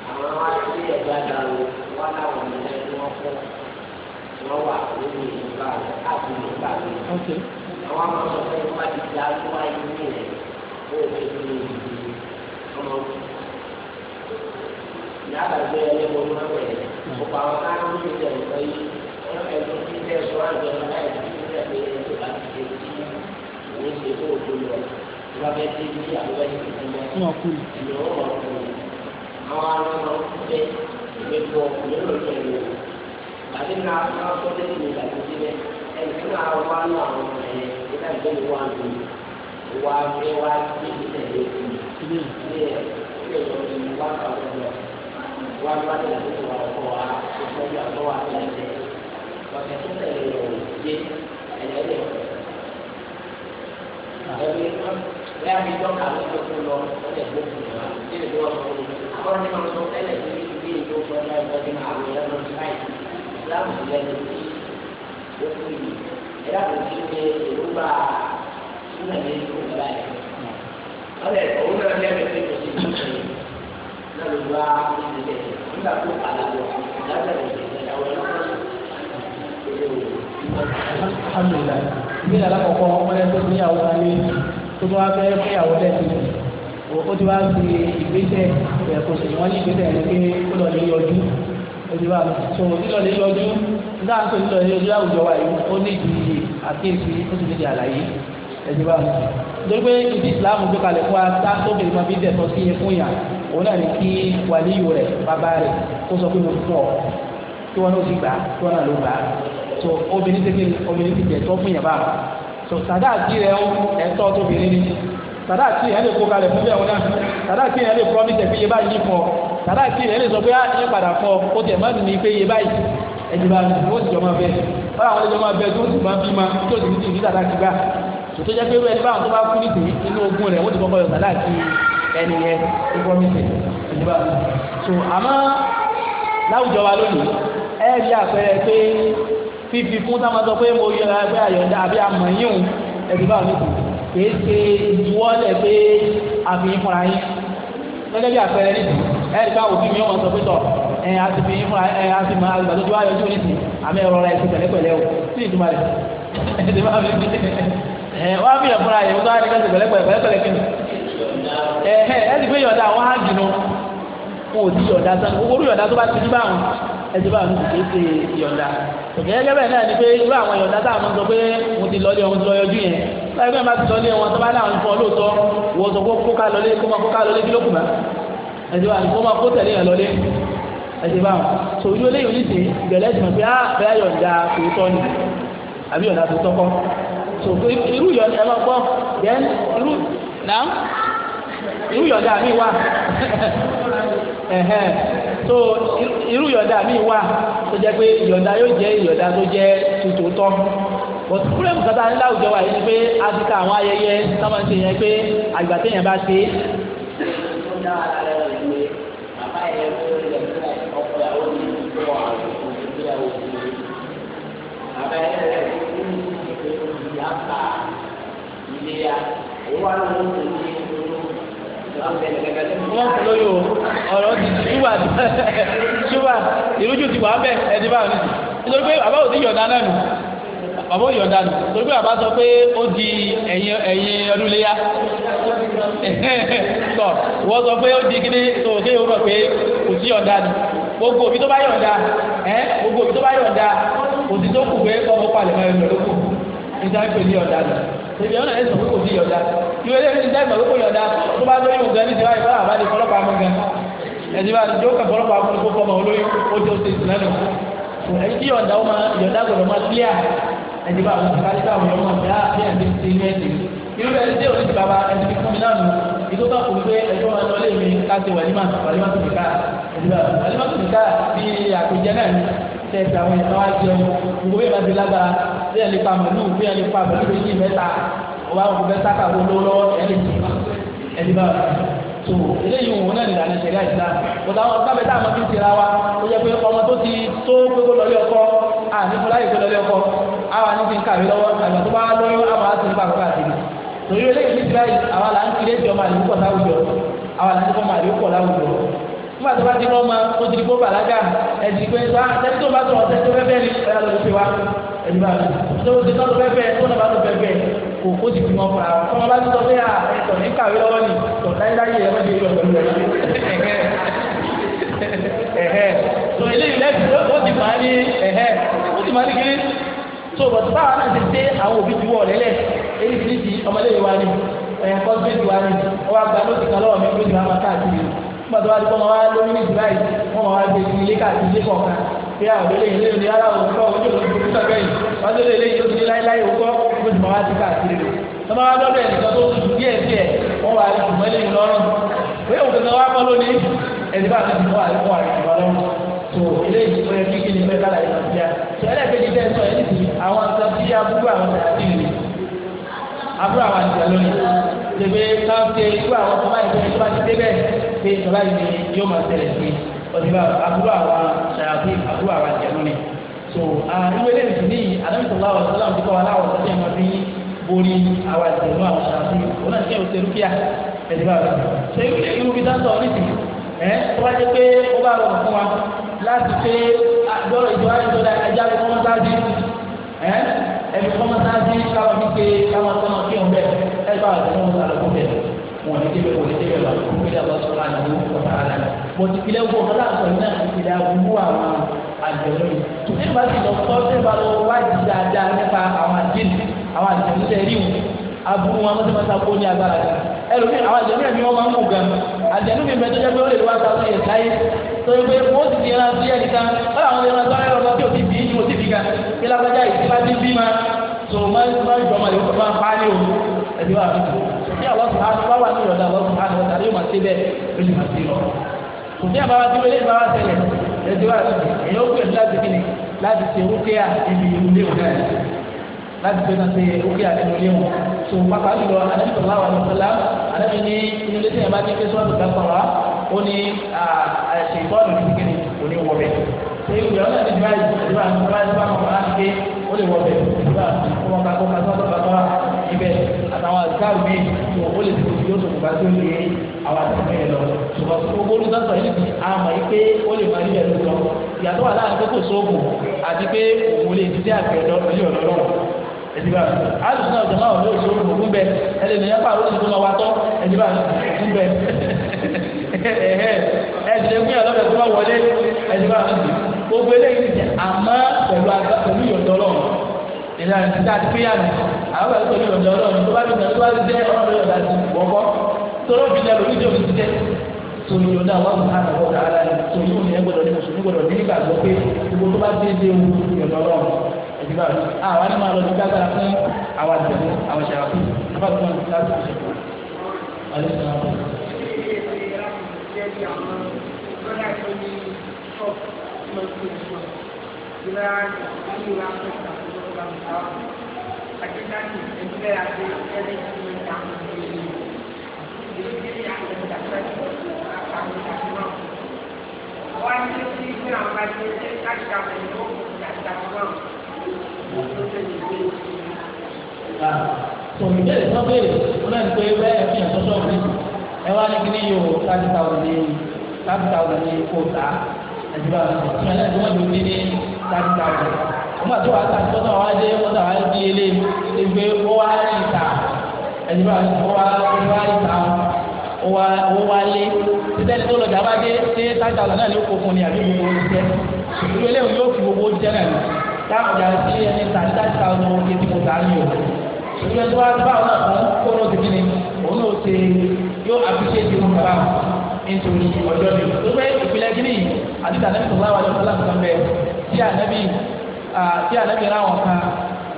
àwọn wá sí ẹ̀gbá dàrú wá láwọn ìlẹ̀ tí wọ́n fọ́ wọ́n wà lórí ìgbà aburú ìgbà mi. àwọn ọmọ sọ pé wọ́n ti di arúgbó ayé ní rẹ̀ ó ti di ọmọ ìyá àgbàdo ẹlẹ́gbọ̀n náà rẹ̀ ọ̀pọ̀ àwọn káàkiri ìjẹun sọ yìí fún ọkùnrin. àwọn arúgbó ṣe ìgbẹ́jọ ọkùnrin ló ṣe lò tàbí ní àwọn akọ́lé ní ìgbàlódé rẹ ẹni tí wọ́n á wá lọ àwọn ọmọ yẹn nígbà tí wọ́n wá lò wá fẹ́ wá sí ìtẹ̀lé ìlú ilé ẹ̀ ilé ìjọba ìlú wá kàwé lọ wá lọ́wọ́ àti ìlú wa ọkọ̀ wa ìfọ̀yà lọ́wọ́ àti ìlú ọ̀sẹ̀ tó tẹ̀lé rẹ̀ ò yé ẹ̀yẹ́ lè rẹ̀. Ẹ̀rí ẹ̀yà mi dọ́kà ló tó kú lọ ọ̀sẹ̀ tó kù lọ sí ìlú ọ̀sọ̀ alhamdulilayi ìgbésẹ̀ alákọ̀ọ́kọ́ ọmọdé tó ní ìyàwó alẹ́ tó tó wá fẹ́ fẹ́yàwó lẹ́sìn ó ti wá fi ìgbésẹ̀ ẹ̀kọ́ sí wọ́n ní ìgbésẹ̀ ẹni pé ó lọ lè yọjú ó ti wá so lílọ lè yọjú nígbà tó lílọ lè yọjú àwùjọ wa yìí ó ní ìdí àkíyèsí ó sì ní ìdí àlàyé ẹ̀sìn bá nítorí pé ìdí ìsìláàmù gbé kalẹ̀ fún wa tá tó bèrè máa fi dẹ̀tọ́ sí i fún yà òun náà ní kí wàlíyù rẹ̀ bàbá rẹ̀ kó sọ pé mo fún ọ kí wọn náà ti gbà kí wọn náà ló gbà so obìnrin ti obìnrin ti jẹ̀tọ́ fún yàrá so sàdáàtì rẹ̀ ẹ̀tọ́ tóbìnrin ni sàdáàtì yẹn lè kó kalẹ̀ fún bẹ́ẹ̀ wọn náà sàdáàtì yẹn lè promise ẹ̀fí yé báyìí fún ọ sàdáàtì yẹn lè sọ pé ẹ ah, padà fún ọ ó tẹ̀ má nù ní pé yé báyìí ẹ̀jẹ̀ bá mi ó sì jọ máa bẹ báwo àwọn ẹ̀jẹ̀ máa bẹ tó sì máa bí ma tó sì ti ní sàdáàtì gbà sòtó jẹ́ pé ẹni báwọn tó bá kú nìdí inú ogun rẹ̀ wọ́n ti kọ́kọ́ yọ sàdáàtì ẹni yẹn tó promise ẹ̀jẹ̀ bá mi so àmọ́ láwùjọ wa lónìí ẹ̀ẹ́dì àpẹẹrẹ pé fífi fún tá a máa sọ pé mo yọra pé àyọ̀dá àbí àmọ̀yún ẹ̀dùn báwọn ní kìí ṣe ìdíwọ́lẹ̀ pé àfihàn fúnra yín gẹ́gẹ́ bí àpẹẹrẹ nìyí ẹ̀ẹ́dì bá òbí mi ọmọ sọ pé tọ̀ ẹ̀ àtìmí fúnra ẹ̀ àtìmọ̀ àgbàdójú ayọ̀jú nìyí àmì ẹ̀rọ o sí ìtumọ̀ rẹ̀ ẹ̀ wọ́n á ẹtí bá mi kìí ṣe ìyọ̀ǹda òkè gẹ́gẹ́ bẹ́ẹ̀ náà ni pé irú àwọn ìyọ̀ǹda tá a mọ̀ sọ pé mo ti lọ́lé ọmọ ti lọ́ yọjú yẹn báyìí bẹ́ẹ̀ bá ti lọ́lé wọn tó bá dáhùn fún ọ lóòótọ́ wò sọ pé kó ká lọ́lé kó máa kó ká lọ́lé kí ló kù bá ẹtí bá mi kó máa kó tẹ̀lé yẹn lọ́lé ẹtí bá mi sọ ojú eléyìí oníṣe ìgbẹ̀lẹ́ ti mọ̀ pé ah, á bẹ́ẹ̀ yọ̀ǹda tòótọ́ ni àbí yọ̀ǹda tòótọ́ kọ́ irú yọ̀dá mi wà ẹ̀hẹ́n so irú yọ̀dá mi wà tó jẹ́ pé yọ̀dá yóò jẹ́ yọ̀dá tó jẹ́ tuntun tọ́ but problem kata ńlá òjò wa yìí ni pé a ti ka àwọn ayẹyẹ sábà ń yẹn pé àgbà téèyàn bá ṣe. Ilé ya, owó àwọn ọmọ òṣèlú wọ́n kú lóyún o ọ̀rọ̀ ti ṣúwà ṣúwà ìrújú ti wà bẹ́ẹ̀ ẹni bá wọn nítorí pé bàbá ò ti yọ̀ǹda náà nù bàbá ò yọ̀ǹda nù torí pé bàbá sọ pé ó di ẹ̀yìn ẹ̀yìn ọdún léyà tọ̀ wọ́n sọ pé ó di kíní tó kéye ó rọ̀ pé kò sí yọ̀ǹda nù gbogbo òbí tó bá yọ̀ǹda ẹ́ gbogbo òbí tó bá yọ̀ǹda kò sí tó kù pé ọmọ palẹ̀ mọ́ ẹ̀ lọ́dún èmi ọ̀nà ẹ̀sọ̀ pé kò sí yọ̀dá ìwé ilé ní dáìmọ̀ pé kò yọ̀dá tó bá lóyún gan ní tiwa ìfọwọ́ àbá ní fọlọ́pàá amú gan ẹ̀sìn bá jó kà fọlọ́pàá amú ní kó fọmọ olóyún ó tó ṣe ìsìn lẹ́nu ẹ̀yìn tí yọ̀dá ó máa yọ̀dá gbọ̀dọ̀ máa clear ẹ̀sìn bá àwọn ìbálẹ̀ táwọn ọmọ ọ̀dá bí àti ti ní ẹ̀sìn irú ẹni tí òní ti bàbá ẹni ti fún mi náà nù ìtò bá kò gbé ẹjọ́ máa lọ lé mi ká ti wà ní ẹ̀sìn tẹ̀sí àwọn ẹ̀ka wá jẹun gbogbo bí ìbáṣe lágbára bí ẹ̀ lè pa màlúù bí ẹ̀ lè pa màlúù bí ẹ̀ mẹ́ta ọba àwọn ọbẹ̀ sáka wo lọ́wọ́ ẹ̀ lè tì ẹ̀ lè bá wà tó eléyìí òun náà nìlànà ìṣẹ̀lẹ̀ àìsílá bọ̀dọ̀ àwọn ọba bẹ̀ta àmọ́ fi ń tira wa ó yẹ pé ọmọ tó ti tó gbogbo lọ́lé ọkọ àní fúláyé tó lọ́lé ọkọ nígbà tó bá ti rán ọmọ tó ti di kó bàlágà ẹ̀dì pé wá ah, ẹni tó bá tó ọ̀tẹ́ tó fẹ́ bẹ́ẹ̀ ni ẹ̀yà ló fi wá ẹ̀dì bá tó ti tọ́ tó fẹ́ bẹ́ẹ̀ tó náà bá tó fẹ́ bẹ́ẹ̀ kò ó ti fi mọ́ fún wa ọmọ bá ti sọ pé ah, ẹ̀tọ́ ní kàwé lọ́wọ́ ni tọ̀ láyéláyé ẹ̀rọ ti yọ pẹ̀lú ẹ̀hẹ́ tó eléyìí lẹ́sìn ó ti máa ní ẹ̀hẹ́ ó ti máa ní kiri tó bọ̀tù báwa náà ti dé àwọn òbí nígbà tó wá di kọ́ máa wá lórí ní ìdíláì wọ́n máa wá gbé ní ilé káàkiri ilé kọ̀ọ̀kan pé àwọn eléyìí ilé òní ara òun kọ́ ojú òun tó tọ́ bẹ́yìn wọ́n tó lé eléyìí tó ti ní láéláé òun kọ́ ó sì máa wá di káàkiri rẹ̀ wọ́n máa wá lọ́dọ̀ ẹ̀ nìkan tó tutù díẹ̀ díẹ̀ wọ́n wà lè tùmọ̀ eléyìí lọ́rùn pé òun kankan wá kọ́ lónìí ẹ̀dí bá ti tùmọ̀ àlẹ́ fún àrùn ìgbà lọ́rùn tó eléyìí ó yẹ kí kí ni mẹ́ta pé ìjọba yìí ni yóò máa tẹ̀lé sí ọ̀dìbà àbúrò àwa ṣàyàfi àbúrò àwa jẹ̀mú ni. so àwọn ilé ìsìn ní àdámìsọ̀lá ọ̀sọ́lá òdìkọ̀ wa láwọ̀ sọ́jà máa fi borí àwa jẹ̀mú àwa ṣàyàfi òun náà ṣe òṣè rúkìá ẹ̀dìbà rẹ̀. ṣé irú bí dáńtọ̀ oníṣì ẹ̀ tó bá jẹ́ pé ó bá rọrùn fún wa láti pé gbọ́dọ̀ ìjọba ẹ̀ ẹ̀ wọn ní débẹ̀ wọn ní débẹ̀ wà fún mi làwọn sọ̀rọ̀ àná ní wọn fara rẹ̀ mo ti fi lẹ́wọ́ ọ̀rọ̀ àgbọ̀ yìí náà ti da wú àwọn àjọyọ̀ yìí tó ní bá ti lọ kọ́ tó bá lọ wájú dáadáa nípa àwọn àdéhùn àwọn àjọyọ̀ tẹ̀ rí wọn aburú wọn ló ti máa sako ní agbára gan ẹlòmí àwọn àjọyọ̀ mi wọn máa ń mú gan àjọyọ̀ mi bẹ́ẹ̀ tó jẹ́ pé ó lè wá sáwọn yẹn sáyé tó yẹ pé wọ́n ti yẹra sí ẹnìkan wọ́n àwọn yẹra sọ́ọ́ ẹ̀rọ lọ sí òtí bíi ju òtí bíi gan kí lágbájá ìsílábí bí máa tó máa ń jọ máa yọ máa ń pa á ní òun ẹ̀dí wà á fi tù tí àwọn sùn àti báwa ní ìrọ̀lẹ́ àwọn sùn àti ọ̀tà yóò máa ṣe bẹ́ẹ̀ ló lè máa ṣe lọ. kò ní àbáwá tí wọlé ìbáwá tẹ̀lẹ̀ ẹ̀dí wà lọ́dún èyàn ó pè láti kíni láti ṣe rúkẹ́à níbi ilé wọn náà láti pé náà ṣe rúkẹ́à nínú ilé wọn. tó pápá jùlọ anábì tó láwà lọ́sọ̀lá anábì ní inú ilé tẹ̀yẹ̀ bá ní pé sọ́ọ̀tù gbàgbọ́ra ó ní àṣẹ ìbọ́ọ̀lù ní kíni kò ní wọ bẹ́ẹ̀. ṣé ìwé ọ̀nà ìdíbáyìí ìdíbáyìí ìdíbáyìí ó lè wọ bẹ́ẹ̀ ìdíbáyìí níbẹ̀ àtàwọn àdúgbò mi ìwọ ó lè tètè yóò sọ̀rọ̀ bá tó lé àwọn àtàwọn yẹn lọ ṣùgbọ́n gbogbo olùdásọ̀ yìí di àmọ́ yìí pé ó lè máa níbẹ̀ lóòótọ́ ìyàtọ̀ wà láàrin kókò sóògùn àti pé òun lè dídé àgbẹ̀dọ̀ ilé ọ̀dọ́ ẹdibà alùpùpù náà jọba òní oṣù òkùnkùn bẹ ẹlẹni yẹn fà lóṣù tó ma wá tọ ẹdibà òkùnkùn bẹ ẹdìlẹkùn yàrá bẹ tó ma wọlé ẹdibà gbogbo eléyìí ti àmọ́ pẹ̀lú àgbà pẹ̀lú yọdọlọ ìlànà ìdá àti péyà nìkan àwọn ẹgbẹ́ òní ọ̀dọ́ ọlọ́run tó bá dùn tó bá dé ọlọ́run yọ̀dá sí wọ́pọ́ tọ́lọ́ bí lẹ́nu oníjọ́ mi ti jẹ́ torí ọ̀dà wà fún hàn àwọn ọ̀dà ara torí òní ẹgbẹ́dọ̀ ní mùsùlùmí gbọ́dọ̀ ní ìgbàgbọ́ pé gbogbo tó bá dé dé ewu ọ̀dọ́ ọlọ́run ẹ̀dínwá àwọn àni máa lọ sí gbàgbára fún àwọn àtẹ̀wé àwọn ṣàkóso àbájọ náà láti ṣe Gracias tòmìtẹ́lẹ̀ tó béèrè wọn náà ní pé bẹ́ẹ̀ fi hàn sọ́sọ́ òní ẹ wá ní kí ni yóò thirty thousand ní thirty thousand ní kóòtà ẹ̀dùbà ọ̀sẹ̀ tí wọn náà tí wọ́n lò ní ní thirty thousand ọmọ àti wàá sàtúntò náà wá dé wọn wá di ilé ìgbé ó wá rí ìta ẹni bá ó wá ó wá ìta ó wá ó wá lé títẹ́ni tó lọ jàmbá dé ṣé tájà lọ náà ní oko ni àbí gbogbo oúnjẹ ìlú eléyìí yóò fi gbogbo oúnjẹ náà lọ táwọn ọjà sí ẹni tájà lọ oúnjẹ tí mo tà ní o ìlú ẹni wá bá ọ náà fún kó náà ni òun náà ṣe yóò àfiṣe ìdíwọ̀n bàbá nítorí ọjọ́ mi. tó pé ìpìlẹ̀ gíní àti tàbí tí anabi ra wọn kan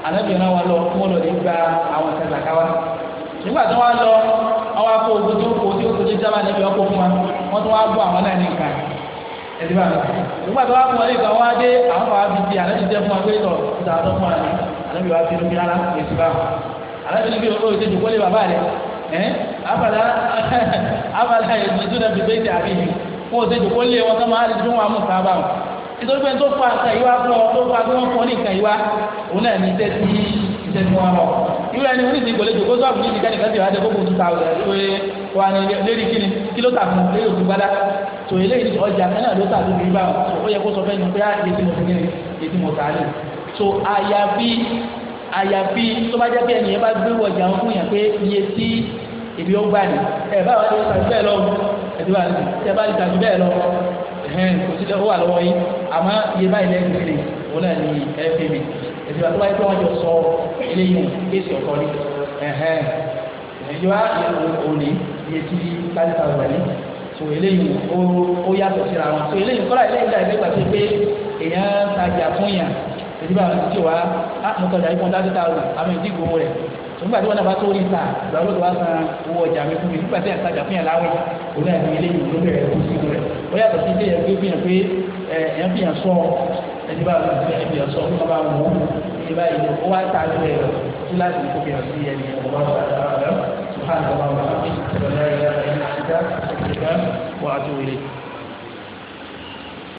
anabi ra wọn lọ wọn lọ lè gba àwọn ìtajà nígbà tí wọn lọ wọn wá kó ogun tí kó tí ó kó tí níbi ọkọ fún wa wọn tún wá bọ àwọn náà ní nǹkan ẹdí bá mi nígbà tí wọn kó wọn wọn adé àwọn bàbá fi di anabi jẹ fún wa pé tọ tó fún wa ni anabi wa fi lóbi rárá èsì bá wọn anabi ní bí o dùkọ́ lé bàbá rẹ abala abala yẹn tuntun náà fi bẹ́ẹ̀ tẹ àbí yìí kó o dùkọ́ lé wọn sọ ma nítorí pé tó fa àtà ìwà fún ọ tó fa bí wọ́n fún ọ ní nǹkan ìwà òun náà ní iṣẹ́ tí iṣẹ́ tí wọ́n rọ̀ irú ẹni oníṣẹ́ ìgbòlejò kó sọ́ọ̀bù ní nìkan sì wá dé kó kùn tuta rẹ̀ wà ní lérí kíni kí ló lérí òkú gbádá tó eléyìí ọjà kan náà ló tà bá ó yẹ kó sọ fẹ́ni pé èyí ah, mo fi kíni èyí mo tà á lè so àyàfi àyàfi tó bá jẹ́ pé ẹnìyẹn bá gbé ọjà fún yàn pé iye tí èmi ó gbà ní ẹ̀ báwa ló tàbí bẹ́ẹ̀ lọ ẹ̀ kò sí lọ́wọ́ àlọ́wọ́ yìí àmọ́ iye báyìí lẹ́yìn ìpele òun náà ni ẹ fi mi èsì àti wáyé tó wọ́n jọ sọ eléyìí kéèsì ọ̀kọ́ ni ìjọba òní iye tí kájí ta wà ní so eléyìí ó yàtọ̀ síra wọn so eléyìí kọ́lá eléyìí dà ẹgbẹ́ pàṣẹ pé èèyàn tajà fún yàn èdè bá ti wá ah, mo tọjà yìí fún thirty thousand àmọ́ ìdí ìgbòho rẹ̀ nígbà tí wọn náà bá tó rí ta ìgbà wo ló wá san owó ọjà mi fún mi nígbà tí àtajà fún yàn láwìn òun náà ní eléyìí ló bẹ̀rẹ̀ kó sí rẹ̀ ó yàtọ̀ sí ilé ẹgbẹ́ fi hàn pé ẹ̀yàn fi hàn sọ ẹni bá ẹni fi hàn sọ fún bàbá wọn ẹni bá yìí ó wá ta ilé rẹ tí láti fi hàn sí ẹni ọba ọba ọba ọba ọba